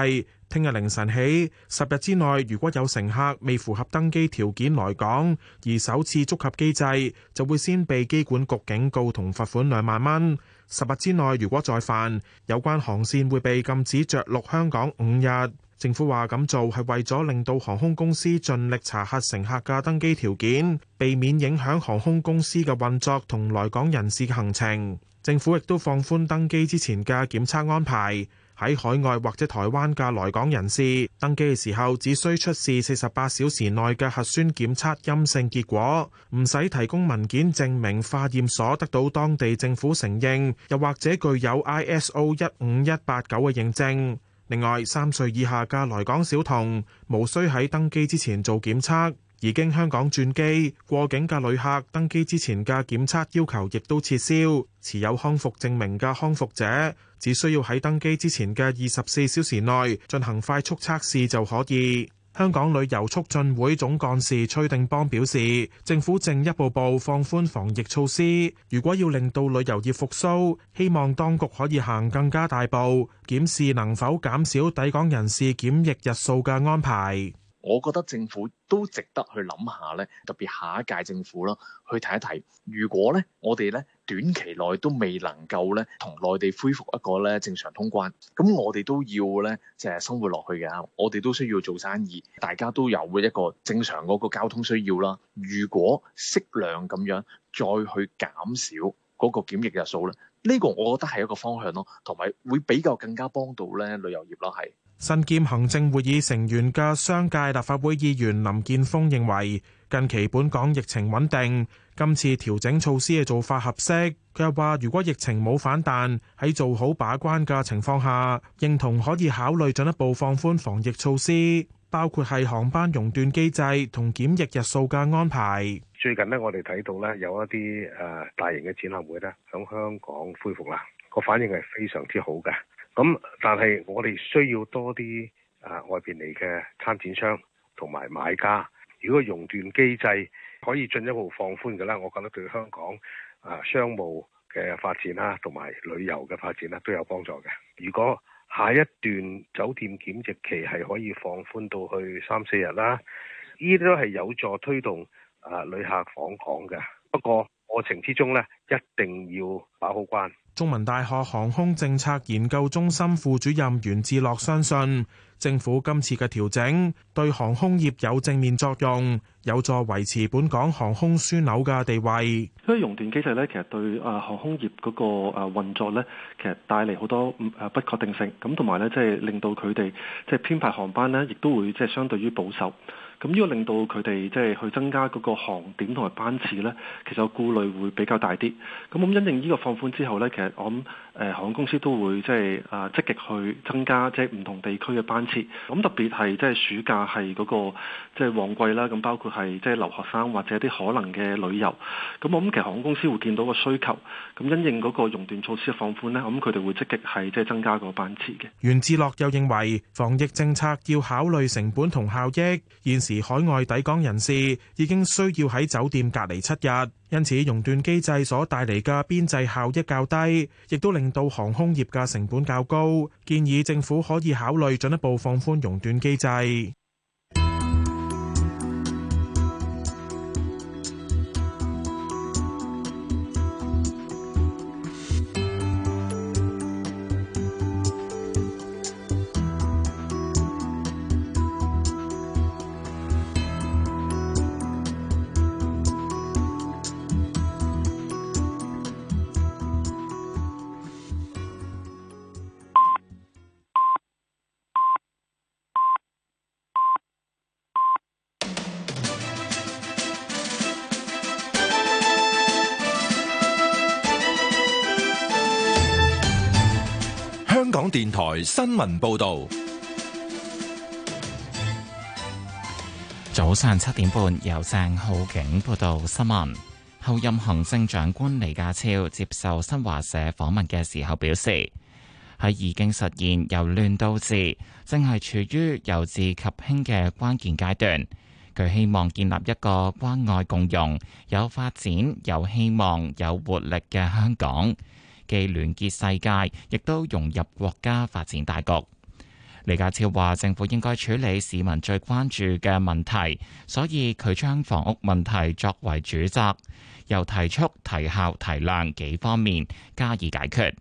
聽日凌晨起十日之內，如果有乘客未符合登機條件來港而首次觸及機制，就會先被機管局警告同罰款兩萬蚊。十日之內如果再犯，有關航線會被禁止着陸香港五日。政府話咁做係為咗令到航空公司盡力查核乘客嘅登機條件，避免影響航空公司嘅運作同來港人士嘅行程。政府亦都放寬登機之前嘅檢測安排，喺海外或者台灣嘅來港人士登機嘅時候，只需出示四十八小時內嘅核酸檢測陰性結果，唔使提供文件證明化驗所得到當地政府承認，又或者具有 ISO 一五一八九嘅認證。另外，三歲以下嘅來港小童無需喺登機之前做檢測。已經香港轉機過境嘅旅客登機之前嘅檢測要求亦都撤銷，持有康復證明嘅康復者只需要喺登機之前嘅二十四小時內進行快速測試就可以。香港旅遊促進會總幹事崔定邦表示，政府正一步步放寬防疫措施，如果要令到旅遊業復甦，希望當局可以行更加大步，檢視能否減少抵港人士檢疫日數嘅安排。我覺得政府都值得去諗下咧，特別下一屆政府啦，去睇一睇。如果咧我哋咧短期內都未能夠咧同內地恢復一個咧正常通關，咁我哋都要咧即係生活落去嘅嚇，我哋都需要做生意，大家都有一個正常嗰個交通需要啦。如果適量咁樣再去減少嗰個檢疫日數咧，呢個我覺得係一個方向咯，同埋會比較更加幫到咧旅遊業咯，係。身兼行政會議成員嘅商界立法會議員林建峰認為，近期本港疫情穩定，今次調整措施嘅做法合適。佢又話，如果疫情冇反彈，喺做好把關嘅情況下，認同可以考慮進一步放寬防疫措施，包括係航班熔斷機制同檢疫日數嘅安排。最近呢，我哋睇到呢有一啲誒大型嘅展覽會呢響香港恢復啦，個反應係非常之好嘅。咁、嗯，但係我哋需要多啲啊、呃、外邊嚟嘅參展商同埋買家。如果熔斷機制可以進一步放寬嘅啦，我覺得對香港啊、呃、商務嘅發展啦、啊，同埋旅遊嘅發展啦、啊、都有幫助嘅。如果下一段酒店檢疫期係可以放寬到去三四日啦，呢啲都係有助推動啊、呃、旅客訪港嘅。不過過程之中呢，一定要把好關。中文大學航空政策研究中心副主任袁志樂相信，政府今次嘅調整對航空業有正面作用，有助維持本港航空樞紐嘅地位。呢個熔斷機制咧，其實對誒航空業嗰個誒運作咧，其實帶嚟好多誒不確定性。咁同埋咧，即係令到佢哋即係編排航班咧，亦都會即係相對於保守。咁呢個令到佢哋即係去增加嗰個航點同埋班次咧，其實個顧慮會比較大啲。咁我諗因應呢個放寬之後咧，其實我諗誒航空公司都會即係誒積極去增加即係唔同地區嘅班次。咁特別係即係暑假係嗰個即係旺季啦，咁包括係即係留學生或者啲可能嘅旅遊。咁我諗其實航空公司會見到個需求。咁因應嗰個熔斷措施嘅放寬咧，我諗佢哋會積極係即係增加個班次嘅。袁志樂又認為防疫政策要考慮成本同效益，現時而海外抵港人士已經需要喺酒店隔離七日，因此熔斷機制所帶嚟嘅邊際效益較低，亦都令到航空業嘅成本較高，建議政府可以考慮進一步放寬熔斷機制。電台新聞報道，早上七點半由鄭浩景報道新聞。候任行政長官李家超接受新華社訪問嘅時候表示，喺已經實現由亂到治，正係處於由治及興嘅關鍵階段。佢希望建立一個關愛、共融、有發展、有希望、有活力嘅香港。既聯結世界，亦都融入國家發展大局。李家超話：政府應該處理市民最關注嘅問題，所以佢將房屋問題作為主責，又提出提速、提效、提量幾方面加以解決。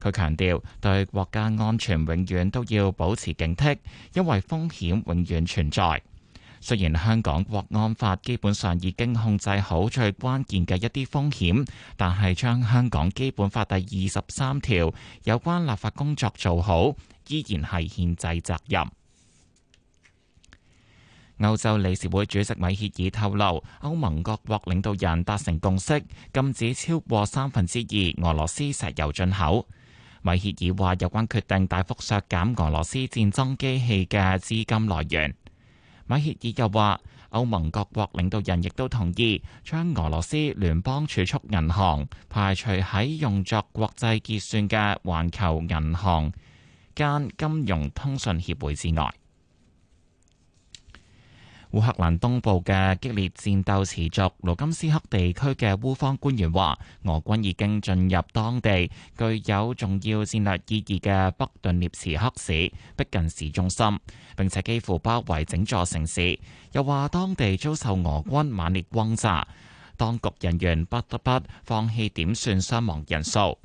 佢強調對國家安全永遠都要保持警惕，因為風險永遠存在。雖然香港國安法基本上已經控制好最關鍵嘅一啲風險，但係將香港基本法第二十三條有關立法工作做好，依然係憲制責任。歐洲理事會主席米歇爾透露，歐盟各國領導人達成共識，禁止超過三分之二俄羅斯石油進口。米歇爾話：有關決定大幅削減俄羅斯戰爭機器嘅資金來源。米歇爾又話：歐盟各國領導人亦都同意將俄羅斯聯邦儲蓄銀行排除喺用作國際結算嘅環球銀行間金融通訊協會之外。烏克蘭東部嘅激烈戰鬥持續。盧甘斯克地區嘅烏方官員話，俄軍已經進入當地具有重要戰略意義嘅北頓涅茨克市，逼近市中心，並且幾乎包圍整座城市。又話當地遭受俄軍猛烈轟炸，當局人員不得不放棄點算傷亡人數。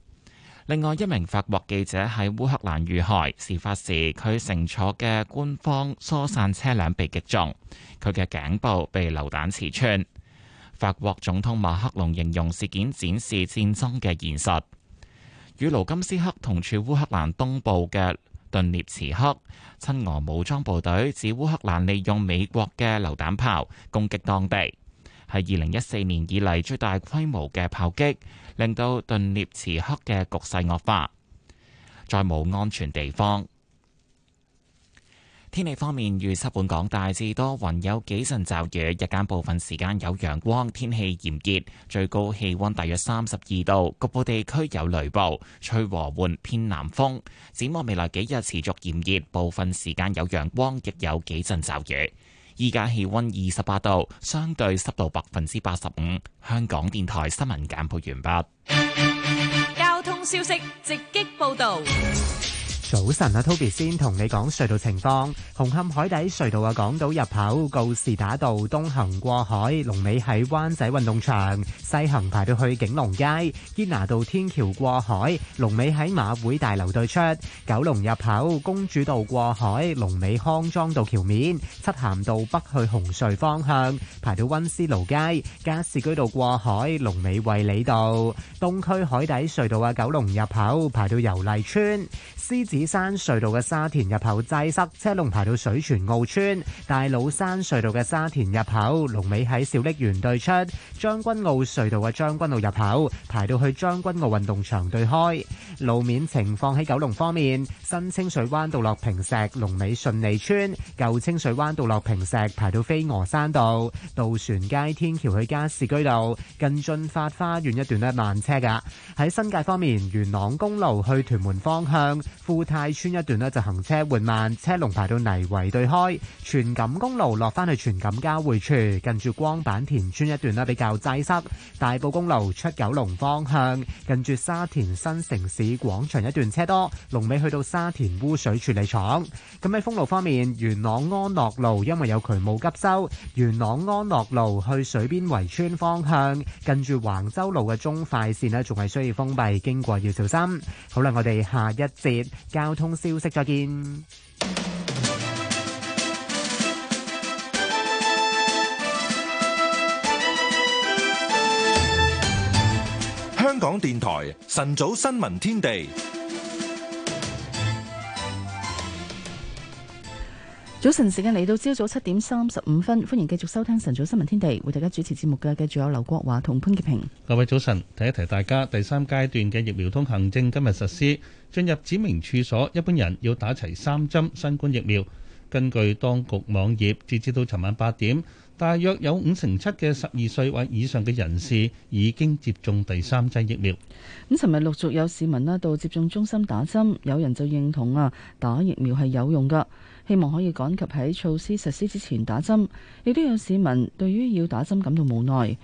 另外一名法國記者喺烏克蘭遇害，事發時佢乘坐嘅官方疏散車輛被擊中，佢嘅頸部被榴彈刺穿。法國總統馬克龍形容事件展示戰爭嘅現實。與盧金斯克同處烏克蘭東部嘅頓涅茨克親俄武裝部隊指烏克蘭利用美國嘅榴彈炮攻擊當地，係二零一四年以嚟最大規模嘅炮擊。令到頓涅茨克嘅局勢惡化，再冇安全地方。天氣方面預測，本港大致多雲，雲有幾陣驟雨，日間部分時間有陽光，天氣炎熱，最高氣溫大約三十二度。局部地區有雷暴，吹和緩偏南風。展望未來幾日持續炎熱，部分時間有陽光，亦有幾陣驟雨。依家氣温二十八度，相對濕度百分之八十五。香港電台新聞簡報完畢。交通消息直擊報導。早晨啊，Toby 先同你講隧道情況。紅磡海底隧道啊，港島入口告士打道東行過海，龍尾喺灣仔運動場；西行排到去景隆街，堅拿道天橋過海，龍尾喺馬會大樓對出；九龍入口公主道過海，龍尾康莊道橋面；漆咸道北去紅隧方向，排到溫思勞街；加士居道過海，龍尾衛理道；東區海底隧道啊，九龍入口排到油麗邨；獅子。紫山隧道嘅沙田入口擠塞，車龍排到水泉澳邨；大老山隧道嘅沙田入口，龍尾喺小瀝源對出；將軍澳隧道嘅將軍澳入口，排到去將軍澳運動場對開。路面情況喺九龍方面，新清水灣道落坪石，龍尾順利邨；舊清水灣道落坪石，排到飛鵝山道；渡船街天橋去加士居道，近駿發花園一段咧慢車噶。喺新界方面，元朗公路去屯門方向，附。太村一段呢，就行車緩慢，車龍排到泥圍對開。全錦公路落翻去全錦交匯處，近住光板田村一段呢，比較擠塞。大埔公路出九龍方向，近住沙田新城市廣場一段車多，龍尾去到沙田污水處理廠。咁喺封路方面，元朗安樂路因為有渠務急修，元朗安樂路去水邊圍村方向，近住橫州路嘅中快線呢，仲係需要封閉，經過要小心。好啦，我哋下一節。交通消息，再見。香港電台晨早新聞天地。早晨，時間嚟到朝早七點三十五分，歡迎繼續收聽晨早新聞天地，為大家主持節目嘅繼續有劉國華同潘潔平。各位早晨，提一提大家，第三階段嘅疫苗通行證今日實施，進入指明處所，一般人要打齊三針新冠疫苗。根據當局網頁，截至到尋晚八點，大約有五成七嘅十二歲或以上嘅人士已經接種第三劑疫苗。咁，尋日陸續有市民啦到接種中心打針，有人就認同啊，打疫苗係有用㗎。希望可以趕及喺措施實施之前打針，亦都有市民對於要打針感到無奈。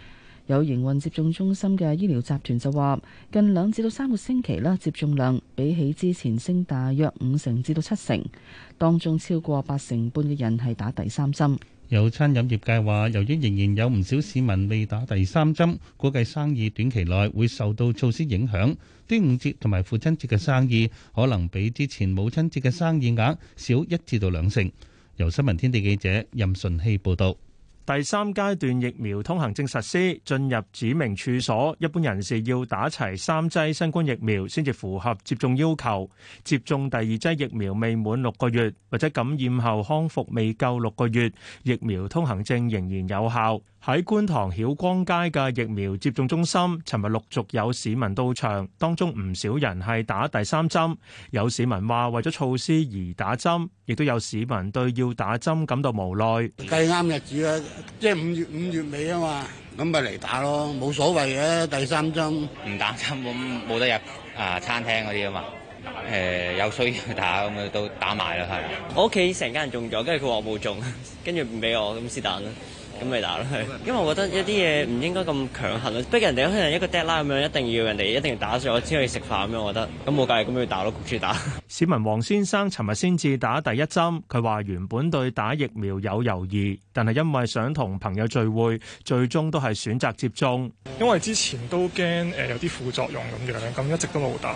有營運接種中心嘅醫療集團就話，近兩至到三個星期咧，接種量比起之前升大約五成至到七成，當中超過八成半嘅人係打第三針。有餐飲業界話，由於仍然有唔少市民未打第三針，估計生意短期內會受到措施影響。端午節同埋父親節嘅生意可能比之前母親節嘅生意額少一至到兩成。由新聞天地記者任順熙報導。第三階段疫苗通行證實施進入指明處所，一般人士要打齊三劑新冠疫苗先至符合接種要求。接種第二劑疫苗未滿六個月，或者感染後康復未夠六個月，疫苗通行證仍然有效。喺觀塘曉光街嘅疫苗接種中心，尋日陸續有市民到場當中唔少人係打第三針。有市民話為咗措施而打針，亦都有市民對要打針感到無奈。計啱日子啊，即係五月五月尾啊嘛，咁咪嚟打咯，冇所謂嘅第三針。唔打針冇冇得入啊餐廳嗰啲啊嘛，誒有需要打咁啊都打埋啦係。我屋企成家人中咗，跟住佢話我冇中，跟住唔俾我，咁是但啦。咁咪打咯，因為我覺得一啲嘢唔應該咁強行咯，逼人哋可能一個 deadline 咁樣，一定要人哋一定要打咗先可以食飯咁樣，我覺得。咁我梗係咁樣打咯，焗住打。市民黃先生尋日先至打第一針，佢話原本對打疫苗有猶豫，但係因為想同朋友聚會，最終都係選擇接種。因為之前都驚，誒有啲副作用咁樣，咁一直都冇打。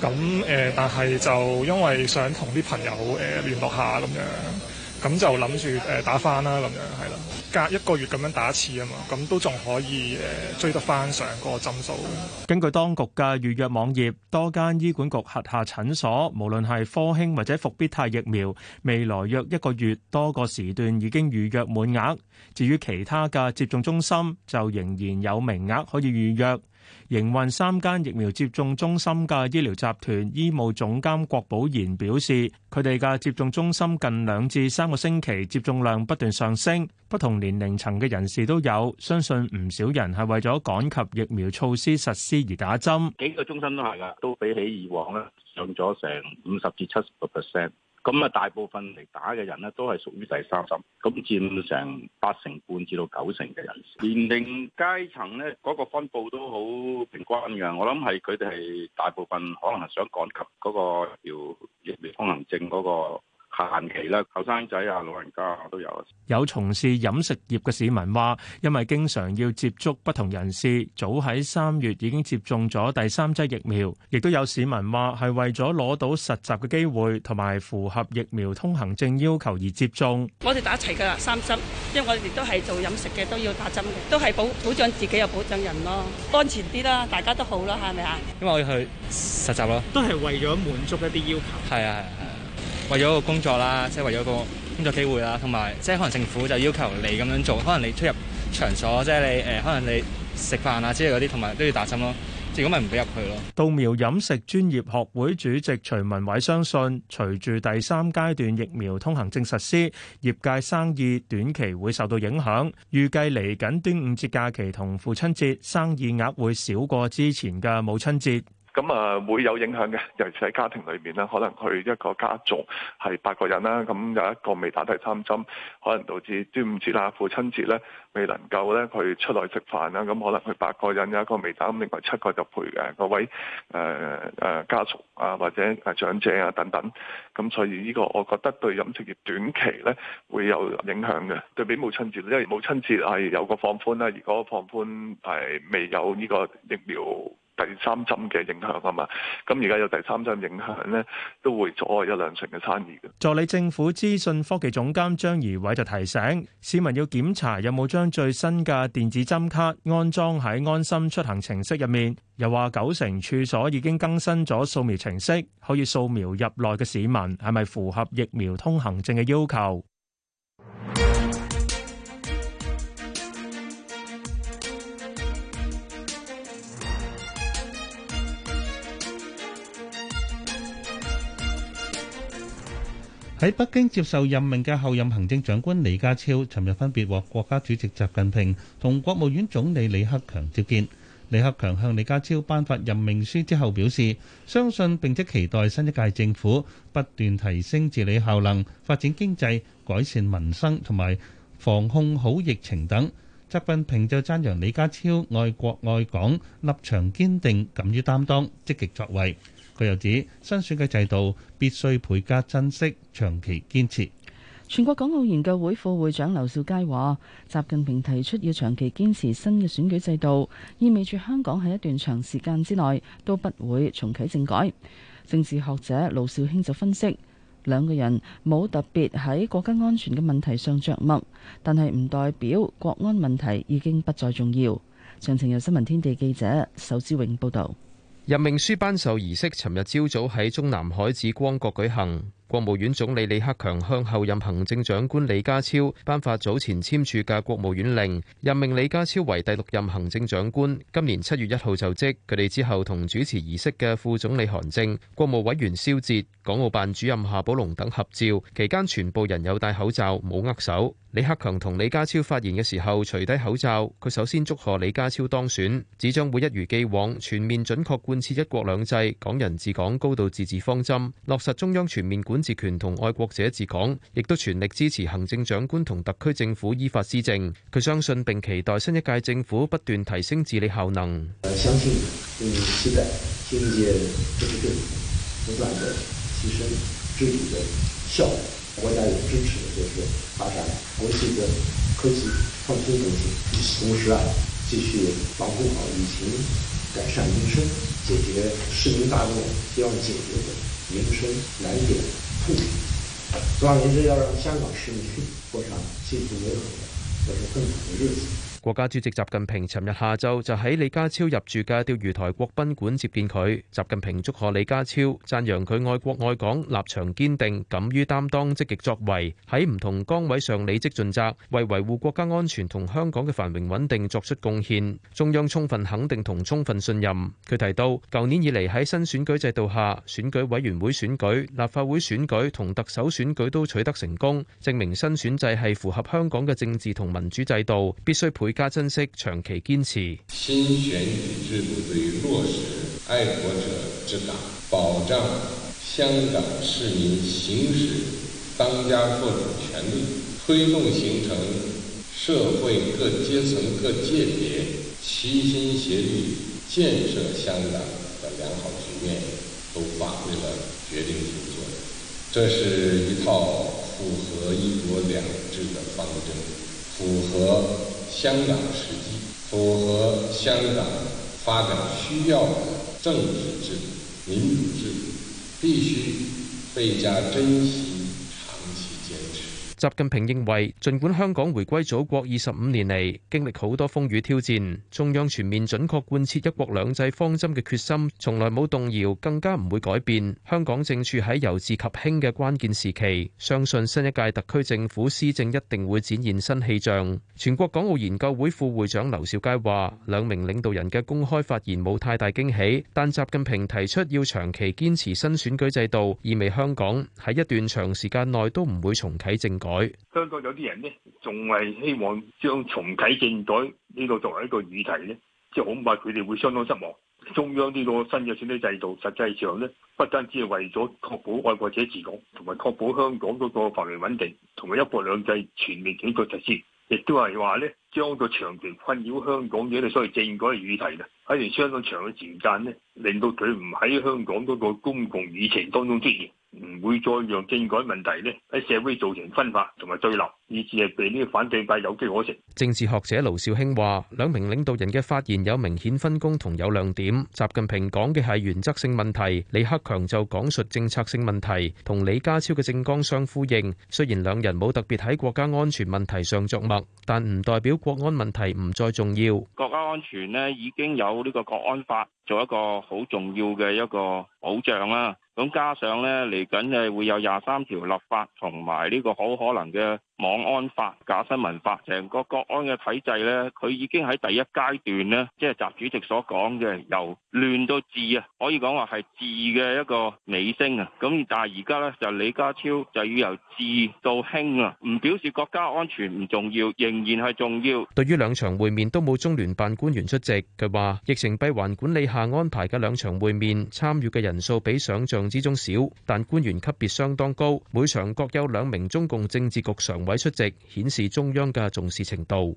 咁誒，但係就因為想同啲朋友誒聯絡下咁樣。咁就諗住誒打翻啦，咁樣係啦，隔一個月咁樣打一次啊嘛，咁都仲可以誒追得翻上個針數。根據當局嘅預約網頁，多間醫管局轄下診所，無論係科興或者復必泰疫苗，未來約一個月多個時段已經預約滿額。至於其他嘅接種中心，就仍然有名額可以預約。營運三間疫苗接種中心嘅醫療集團醫務總監郭寶賢表示，佢哋嘅接種中心近兩至三個星期接種量不斷上升，不同年齡層嘅人士都有，相信唔少人係為咗趕及疫苗措施實施而打針。幾個中心都係噶，都比起以往咧，上咗成五十至七十個咁啊，大部分嚟打嘅人咧，都係屬於第三十，咁佔成八成半至到九成嘅人士。年齡階層咧，嗰個分佈都好平均嘅。我諗係佢哋係大部分可能係想趕及嗰個要疫苗通行證嗰個限期啦，後生仔啊，老人家都有。有從事飲食業嘅市民話，因為經常要接觸不同人士，早喺三月已經接種咗第三劑疫苗。亦都有市民話係為咗攞到實習嘅機會同埋符合疫苗通行證要求而接種。我哋打齊㗎啦，三針，因為我哋都係做飲食嘅，都要打針嘅，都係保保障自己又保障人咯，安全啲啦，大家都好啦，係咪啊？因為我要去實習咯。都係為咗滿足一啲要求。係啊，係啊。為咗個工作啦，即係為咗個工作機會啦，同埋即係可能政府就要求你咁樣做，可能你出入場所，即係你誒，呃，可能你食飯啊之類嗰啲，同埋都要打針咯。即係如果咪唔俾入去咯。稻苗飲食專業學會主席徐文偉相信，隨住第三階段疫苗通行證實施，業界生意短期會受到影響，預計嚟緊端午節假期同父親節生意額會少過之前嘅母親節。咁啊會有影響嘅，尤其是喺家庭裏面啦，可能佢一個家族係八個人啦，咁有一個未打第三針，可能導致端午節啦、父親節咧，未能夠咧佢出來食飯啦，咁可能佢八個人有一個未打，咁另外七個就陪嘅各位誒誒、呃、家屬啊或者誒長者啊等等，咁所以呢個我覺得對飲食業短期咧會有影響嘅，對比母親節，因為母親節係有個放寬啦，如果放寬係未有呢個疫苗。第三針嘅影響啊嘛，咁而家有第三針影響咧，都會阻礙一兩成嘅生意嘅。助理政府資訊科技總監張怡偉就提醒市民要檢查有冇將最新嘅電子針卡安裝喺安心出行程式入面，又話九成處所已經更新咗掃描程式，可以掃描入內嘅市民係咪符合疫苗通行證嘅要求。喺北京接受任命嘅候任行政長官李家超，尋日分別獲國家主席習近平同國務院總理李克強接見。李克強向李家超頒發任命書之後表示，相信並且期待新一屆政府不斷提升治理效能、發展經濟、改善民生同埋防控好疫情等。習近平就讚揚李家超愛國愛港、立場堅定、敢於擔當、積極作為。佢又指新選舉制度必須倍加珍惜、長期堅持。全國港澳研究會副會長劉兆佳話：習近平提出要長期堅持新嘅選舉制度，意味住香港喺一段長時間之內都不會重啟政改。政治學者盧兆興就分析：兩個人冇特別喺國家安全嘅問題上着墨，但係唔代表國安問題已經不再重要。詳情由新聞天地記者仇志榮報導。任命書頒授儀式尋日朝早喺中南海紫光閣舉行。國務院總理李克強向后任行政長官李家超頒發早前簽署嘅國務院令，任命李家超為第六任行政長官，今年七月一號就職。佢哋之後同主持儀式嘅副總理韓正、國務委員肖捷、港澳辦主任夏寶龍等合照，期間全部人有戴口罩，冇握手。李克強同李家超發言嘅時候除低口罩，佢首先祝賀李家超當選，指將會一如既往全面準確貫徹一國兩制、港人治港、高度自治方針，落實中央全面管。治權同愛國者治港，亦都全力支持行政長官同特區政府依法施政。佢相信並期待新一屆政府不斷提升治理效能。相信，嗯，期待新一屆政府不斷的提升治理的效能。國家也支持就是發展國際的科技創新中心，同時啊，繼續防、那個那個、控好疫情，改善民生，解決市民大眾需要解決的民生難點。.主總而言之，要讓香港市民過上幸福美好的，過上更好的日子。國家主席習近平尋日下晝就喺李家超入住嘅釣魚台國賓館接見佢。習近平祝賀李家超，讚揚佢愛國愛港、立場堅定、敢於擔當、積極作為，喺唔同崗位上履職盡責，為維護國家安全同香港嘅繁榮穩定作出貢獻。中央充分肯定同充分信任。佢提到，舊年以嚟喺新選舉制度下，選舉委員會選舉、立法會選舉同特首選舉都取得成功，證明新選制係符合香港嘅政治同民主制度，必須培更加珍惜，長期堅持新選舉制度對於落實愛國者治港，保障香港市民行使當家作主權利、推動形成社會各階層、各界別齊心協力建設香港的良好局面，都發揮了決定性作用。這是一套符合一國兩制的方針，符合。香港實際符合香港發展需要的政治制度、民主制度，必須倍加珍惜。習近平認為，儘管香港回歸祖國二十五年嚟，經歷好多風雨挑戰，中央全面準確貫徹一國兩制方針嘅決心，從來冇動搖，更加唔會改變。香港正處喺由治及興嘅關鍵時期，相信新一屆特區政府施政一定會展現新氣象。全國港澳研究會副會長劉兆佳話，兩名領導人嘅公開發言冇太大驚喜，但習近平提出要長期堅持新選舉制度，意味香港喺一段長時間內都唔會重啟政改。香港有啲人呢，仲係希望將重啟政改呢個作為一個議題呢，即恐怕佢哋會相當失望。中央呢個新嘅選舉制度，實際上呢，不單止係為咗確保愛國者治港，同埋確保香港嗰個繁榮穩定，同埋一國兩制全面準確實施，亦都係話呢，將個長期困擾香港嘅所謂政改議題，喺段相當長嘅時間咧，令到佢唔喺香港嗰個公共議程當中出現。唔會再讓政改問題咧喺社會造成分化同埋對立，以致係俾呢個反對派有機可乘。政治學者盧兆興話：兩名領導人嘅發言有明顯分工同有亮點。習近平講嘅係原則性問題，李克強就講述政策性問題，同李家超嘅政綱相呼應。雖然兩人冇特別喺國家安全問題上著墨，但唔代表國安問題唔再重要。國家安全咧已經有呢個國安法。做一個好重要嘅一個保障啦，咁加上咧嚟緊係會有廿三條立法同埋呢個好可能嘅網安法、假新聞法，成個國安嘅體制咧，佢已經喺第一階段咧，即係習主席所講嘅由亂到治啊，可以講話係治嘅一個尾聲啊。咁但係而家咧就李家超就要由治到興啊，唔表示國家安全唔重要，仍然係重要。對於兩場會面都冇中聯辦官員出席，佢話疫情閉環管理。下安排嘅兩場會面，參與嘅人數比想象之中少，但官員級別相當高，每場各有兩名中共政治局常委出席，顯示中央嘅重視程度。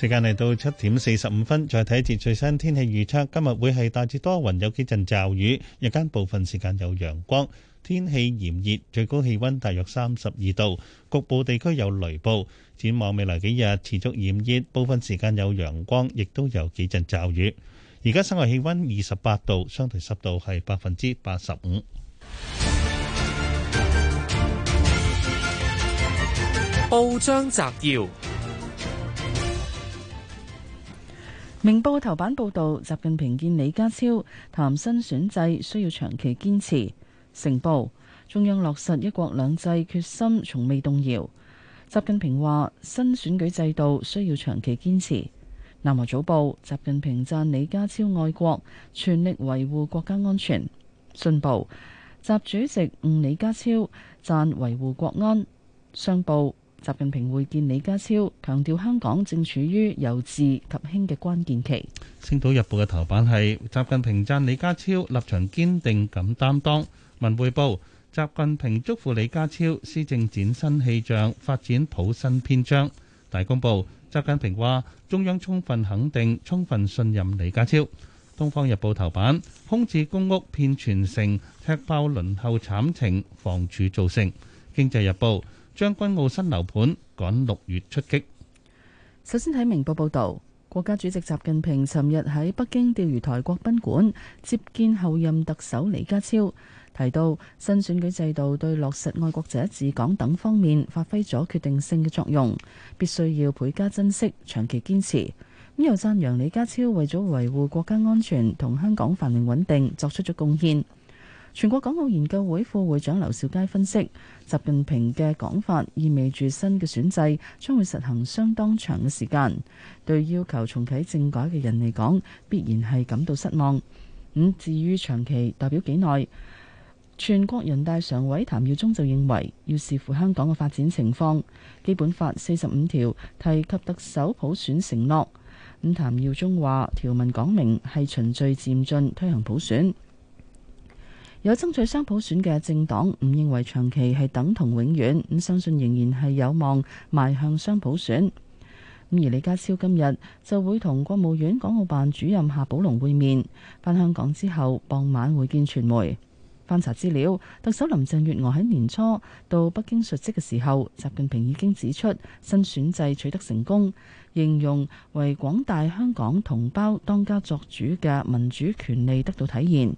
時間嚟到七點四十五分，再睇一節最新天氣預測。今日會係大致多雲，有幾陣驟雨，日間部分時間有陽光，天氣炎熱，最高氣温大約三十二度，局部地區有雷暴。展望未來幾日持續炎熱，部分時間有陽光，亦都有幾陣驟雨。而家室外氣温二十八度，相對濕度係百分之八十五。報章摘要。明報頭版報道，習近平見李家超談新選制需要長期堅持。成報，中央落實一國兩制決心從未動搖。習近平話新選舉制度需要長期堅持。南華早報，習近平讚李家超愛國，全力維護國家安全。信報，習主席晤李家超，讚維護國安。商報習近平會見李家超，強調香港正處於由治及興嘅關鍵期。星島日報嘅頭版係習近平讚李家超立場堅定，敢擔當。文匯報：習近平祝福李家超施政展新氣象，發展譜新篇章。大公報：習近平話中央充分肯定，充分信任李家超。東方日報頭版：空置公屋騙全城，踢爆輪候慘情，房署造成。經濟日報。將軍澳新樓盤趕六月出擊。首先睇明報報道，國家主席習近平尋日喺北京釣魚台國賓館接見候任特首李家超，提到新選舉制度對落實愛國者治港等方面發揮咗決定性嘅作用，必須要倍加珍惜，長期堅持。咁又讚揚李家超為咗維護國家安全同香港繁榮穩定作出咗貢獻。全國港澳研究會副會長劉兆佳分析，習近平嘅講法意味住新嘅選制將會實行相當長嘅時間，對要求重啟政改嘅人嚟講，必然係感到失望。咁、嗯、至於長期代表幾耐，全國人大常委譚耀宗就認為要視乎香港嘅發展情況，《基本法》四十五條提及特首普選承諾。咁、嗯、譚耀宗話：條文講明係循序漸進推行普選。有爭取雙普選嘅政黨，唔認為長期係等同永遠，咁相信仍然係有望邁向雙普選。咁而李家超今日就會同國務院港澳辦主任夏寶龍會面，返香港之後傍晚會見傳媒。翻查資料，特首林鄭月娥喺年初到北京述職嘅時候，習近平已經指出新選制取得成功，形容為廣大香港同胞當家作主嘅民主權利得到體現。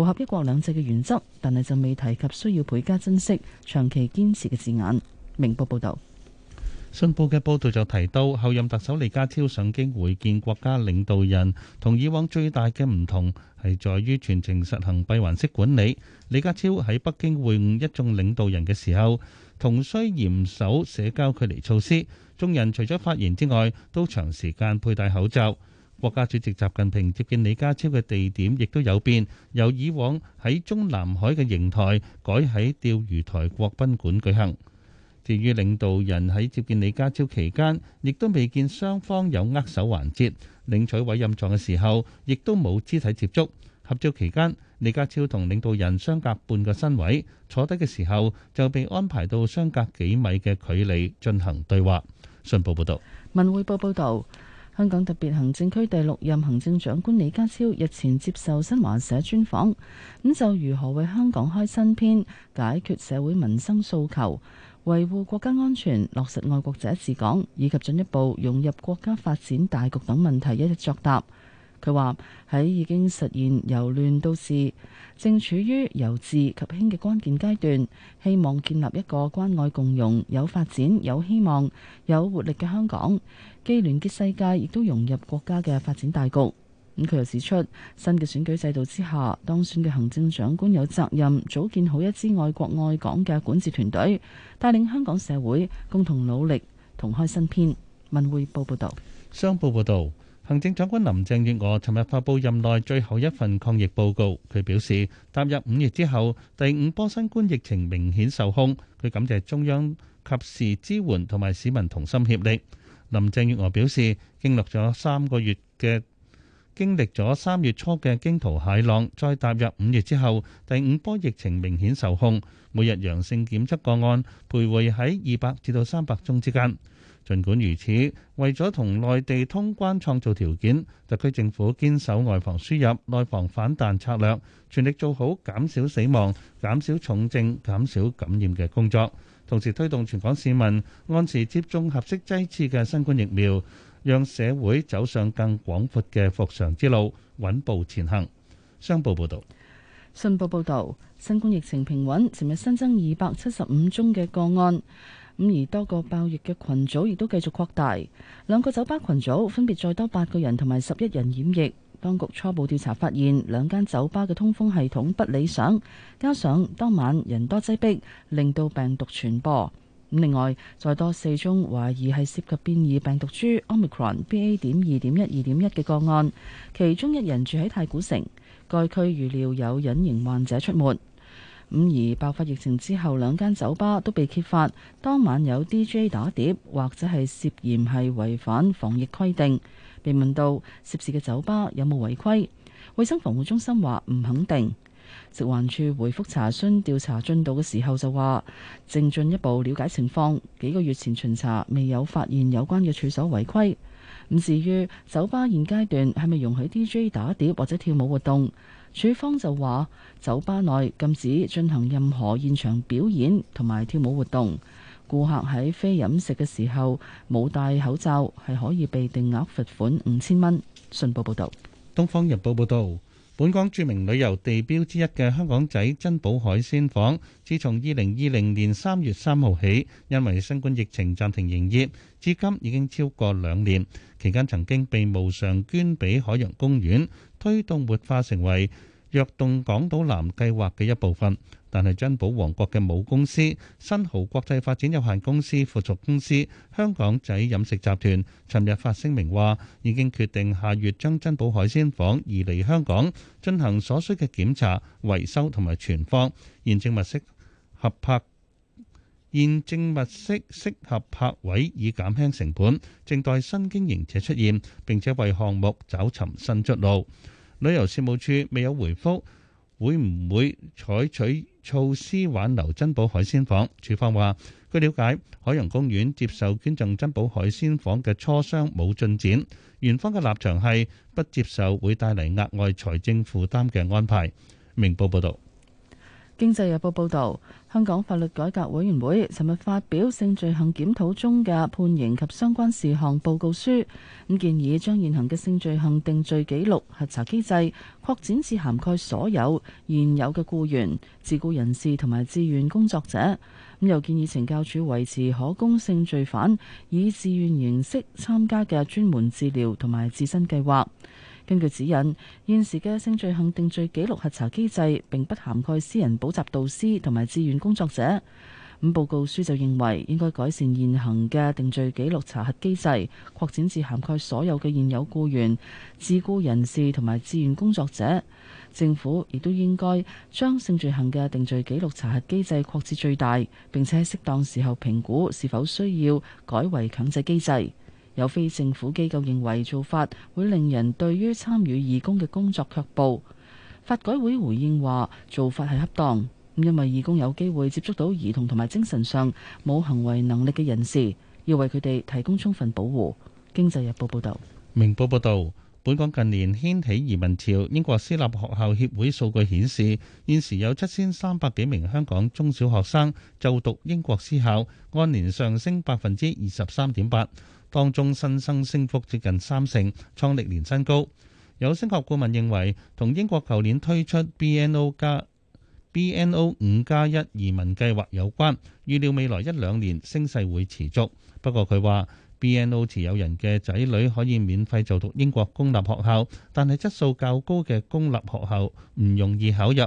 符合一國兩制嘅原則，但係就未提及需要倍加珍惜、長期堅持嘅字眼。明報報導，新報嘅報道就提到，後任特首李家超上京會見國家領導人，同以往最大嘅唔同係在於全程實行閉環式管理。李家超喺北京會晤一眾領導人嘅時候，同需嚴守社交距離措施，眾人除咗發言之外，都長時間佩戴口罩。國家主席習近平接見李家超嘅地點亦都有變，由以往喺中南海嘅瀛台改喺釣魚台國賓館舉行。至於領導人喺接見李家超期間，亦都未見雙方有握手環節，領取委任狀嘅時候，亦都冇肢體接觸。合照期間，李家超同領導人相隔半個身位，坐低嘅時候就被安排到相隔幾米嘅距離進行對話。信報報道，文匯報報道。香港特別行政區第六任行政長官李家超日前接受新華社專訪，咁就如何為香港開新篇、解決社會民生訴求、維護國家安全、落實愛國者治港以及進一步融入國家發展大局等問題一一作答。佢話：喺已經實現「由亂到治」。正處於由治及興嘅關鍵階段，希望建立一個關愛共融、有發展、有希望、有活力嘅香港，既連結世界，亦都融入國家嘅發展大局。咁、嗯、佢又指出，新嘅選舉制度之下，當選嘅行政長官有責任組建好一支愛國愛港嘅管治團隊，帶領香港社會共同努力同開新篇。文匯報報道。商報報導。行政長官林鄭月娥尋日發布任內最後一份抗疫報告，佢表示踏入五月之後，第五波新冠疫情明顯受控。佢感謝中央及時支援同埋市民同心協力。林鄭月娥表示，經歷咗三個月嘅經歷咗三月初嘅驚濤駭浪，再踏入五月之後，第五波疫情明顯受控，每日陽性檢測個案徘徊喺二百至到三百宗之間。儘管如此，為咗同內地通關創造條件，特區政府堅守外防輸入、內防反彈策略，全力做好減少死亡、減少重症、減少感染嘅工作，同時推動全港市民按時接種合適劑次嘅新冠疫苗，讓社會走上更廣闊嘅復常之路，穩步前行。商報報道：「信報報道，新冠疫情平穩，尋日新增二百七十五宗嘅個案。咁而多個爆疫嘅群組亦都繼續擴大，兩個酒吧群組分別再多八個人同埋十一人染疫。當局初步調查發現，兩間酒吧嘅通風系統不理想，加上當晚人多擠迫，令到病毒傳播。另外，再多四宗懷疑係涉及變異病毒株 Omicron BA. 點二點一二點一嘅個案，其中一人住喺太古城，該區預料有隱形患者出沒。咁而爆發疫情之後，兩間酒吧都被揭發，當晚有 DJ 打碟，或者係涉嫌係違反防疫規定。被問到涉事嘅酒吧有冇違規，衞生防護中心話唔肯定。食環署回覆查詢調查進度嘅時候就話，正進一步了解情況。幾個月前巡查未有發現有關嘅處所違規。咁至於酒吧現階段係咪容許 DJ 打碟或者跳舞活動？處方就話：酒吧內禁止進行任何現場表演同埋跳舞活動。顧客喺非飲食嘅時候冇戴口罩，係可以被定額罰款五千蚊。信報報導，《東方日報》報道，本港著名旅遊地標之一嘅香港仔珍寶海鮮舫，自從二零二零年三月三號起，因為新冠疫情暫停營業，至今已經超過兩年。期間曾經被無償捐俾海洋公園。推動活化成為躍動港島南計劃嘅一部分，但係珍寶王國嘅母公司新濠國際發展有限公司附屬公司香港仔飲食集團，尋日發聲明話，已經決定下月將珍寶海鮮舫移離香港，進行所需嘅檢查、維修同埋存放，現正物色合拍。現正物色適合泊位以減輕成本，正待新經營者出現，並且為項目找尋新出路。旅遊事務處未有回復，會唔會採取措施挽留珍寶海鮮舫？署方話：據了解，海洋公園接受捐贈珍寶海鮮舫嘅磋商冇進展，園方嘅立場係不接受會帶嚟額外財政負擔嘅安排。明報報道。經濟日報報導，香港法律改革委員會尋日發表性罪行檢討中嘅判刑及相關事項報告書，咁建議將現行嘅性罪行定罪記錄核查機制擴展至涵蓋所有現有嘅雇員、自雇人士同埋志願工作者，咁又建議懲教署維持可供性罪犯以志願形式參加嘅專門治療同埋自身計劃。根據指引，現時嘅性罪行定罪記錄核查機制並不涵蓋私人補習導師同埋志願工作者。咁報告書就認為應該改善現行嘅定罪記錄查核機制，擴展至涵蓋所有嘅現有僱員、自僱人士同埋志願工作者。政府亦都應該將性罪行嘅定罪記錄查核機制擴至最大，並且喺適當時候評估是否需要改為強制機制。有非政府機構認為做法會令人對於參與義工嘅工作卻步。法改會回應話，做法係恰當，因為義工有機會接觸到兒童同埋精神上冇行為能力嘅人士，要為佢哋提供充分保護。經濟日報報道，明報報道。本港近年掀起移民潮，英國私立學校協會數據顯示，現時有七千三百幾名香港中小學生就讀英國私校，按年上升百分之二十三點八，當中新生升幅接近三成，創歷年新高。有升學顧問認為，同英國舊年推出 BNO 加 BNO 五加一移民計劃有關，預料未來一兩年升勢會持續。不過佢話。BNO 持有人嘅仔女可以免費就讀英國公立學校，但係質素較高嘅公立學校唔容易考入。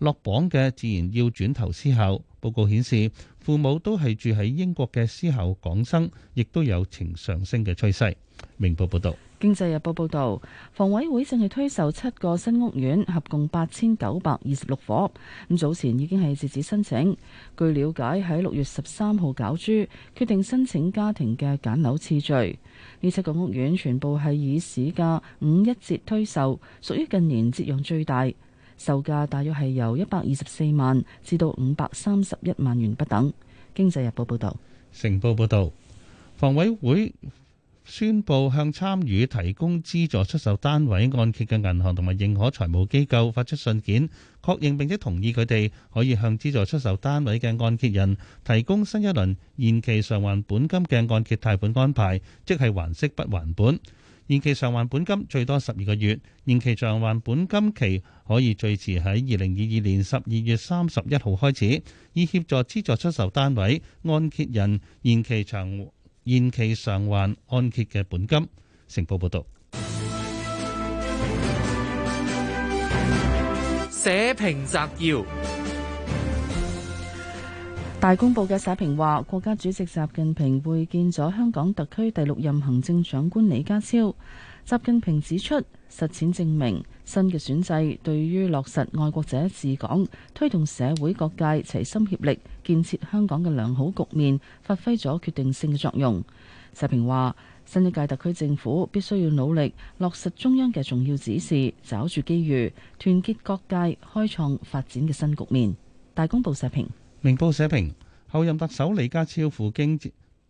落榜嘅自然要轉投私校。報告顯示，父母都係住喺英國嘅私校港生，亦都有呈上升嘅趨勢。明報報道。經濟日報報道，房委會正係推售七個新屋苑，合共八千九百二十六伙。咁早前已經係截止申請。據了解，喺六月十三號攪珠，決定申請家庭嘅揀樓次序。呢七個屋苑全部係以市價五一折推售，屬於近年折讓最大。售價大約係由一百二十四萬至到五百三十一萬元不等。經濟日報報道，成報報道，房委會。宣布向參與提供資助出售單位按揭嘅銀行同埋認可財務機構發出信件，確認並且同意佢哋可以向資助出售單位嘅按揭人提供新一輪延期償還本金嘅按揭貸款安排，即係還息不還本。延期償還本金最多十二個月，延期償還本金期可以最遲喺二零二二年十二月三十一號開始，以協助資助出售單位按揭人延期償延期償還按揭嘅本金。成報報導。社評摘要：大公報嘅社評話，國家主席習近平會見咗香港特區第六任行政長官李家超。習近平指出，實踐證明，新嘅選制對於落實愛國者治港、推動社會各界齊心協力建設香港嘅良好局面，發揮咗決定性嘅作用。社評話：新一屆特區政府必須要努力落實中央嘅重要指示，抓住機遇，團結各界，開創發展嘅新局面。大公報社評、明報社評，候任特首李家超赴京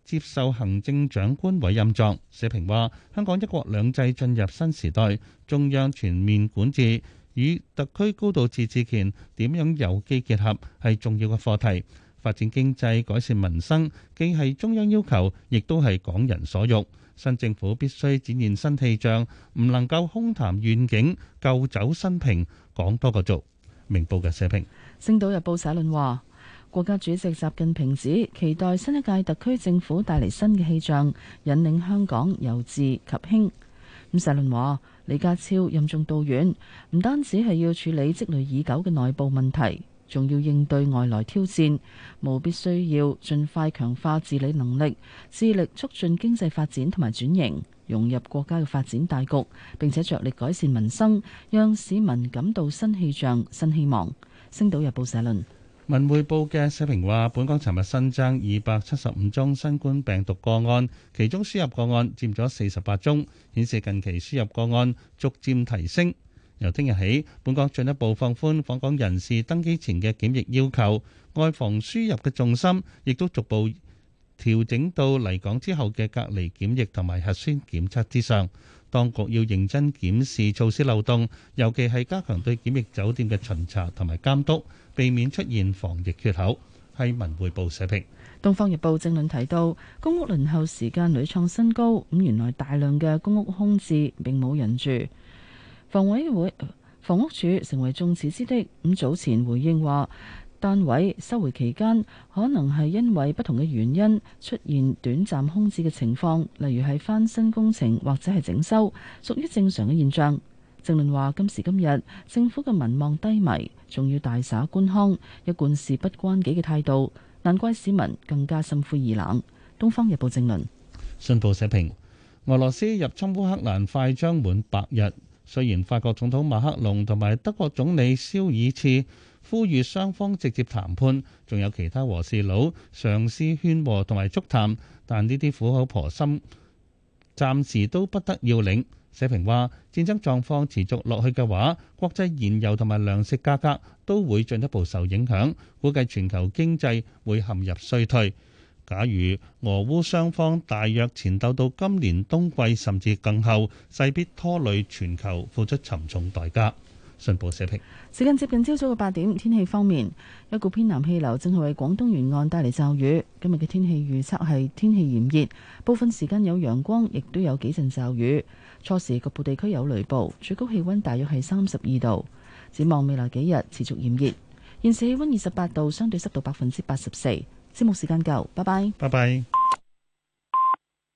接受行政長官委任狀，社評話：香港一國兩制進入新時代，中央全面管治與特區高度自治權點樣有機結合，係重要嘅課題。發展經濟、改善民生，既係中央要求，亦都係港人所欲。新政府必須展現新氣象，唔能夠空談願景，舊酒新瓶，講多過做。明報嘅社評，《星島日報》社論話。國家主席習近平指，期待新一屆特區政府帶嚟新嘅氣象，引領香港由治及興。咁社論話，李家超任重道遠，唔單止係要處理積累已久嘅內部問題，仲要應對外來挑戰，務必需要盡快強化治理能力，致力促進經濟發展同埋轉型，融入國家嘅發展大局，並且着力改善民生，讓市民感到新氣象、新希望。星島日報社論。文匯報嘅社評話，本港尋日新增二百七十五宗新冠病毒個案，其中輸入個案佔咗四十八宗，顯示近期輸入個案逐漸提升。由聽日起，本港進一步放寬訪港人士登機前嘅檢疫要求，外防輸入嘅重心亦都逐步調整到嚟港之後嘅隔離檢疫同埋核酸檢測之上。當局要認真檢視措施漏洞，尤其係加強對檢疫酒店嘅巡查同埋監督。避免出現防疫缺口，係文匯報社評。《東方日報》正論提到，公屋輪候時間屢創新高，咁原來大量嘅公屋空置並冇人住，房委會、房屋署成為眾矢之的。咁早前回應話，單位收回期間可能係因為不同嘅原因出現短暫空置嘅情況，例如係翻新工程或者係整修，屬於正常嘅現象。政論話今時今日，政府嘅民望低迷，仲要大灑官腔，一貫事不關己嘅態度，難怪市民更加心灰意冷。東方日報政論。信報社評：俄羅斯入侵烏克蘭快將滿百日，雖然法國總統馬克龍同埋德國總理肖爾茨呼籲雙方直接談判，仲有其他和事佬嘗試勸和同埋促談，但呢啲苦口婆心暫時都不得要領。社評話，戰爭狀況持續落去嘅話，國際燃油同埋糧食價格都會進一步受影響，估計全球經濟會陷入衰退。假如俄烏雙方大約纏鬥到今年冬季，甚至更後，勢必拖累全球，付出沉重代價。信報社評。時間接近朝早嘅八點，天氣方面，一股偏南氣流正係為廣東沿岸帶嚟驟雨。今日嘅天氣預測係天氣炎熱，部分時間有陽光，亦都有幾陣驟雨。初時局部地區有雷暴，最高氣温大約係三十二度。展望未來幾日持續炎熱。現時氣温二十八度，相對濕度百分之八十四。節目時間夠，拜拜。拜拜。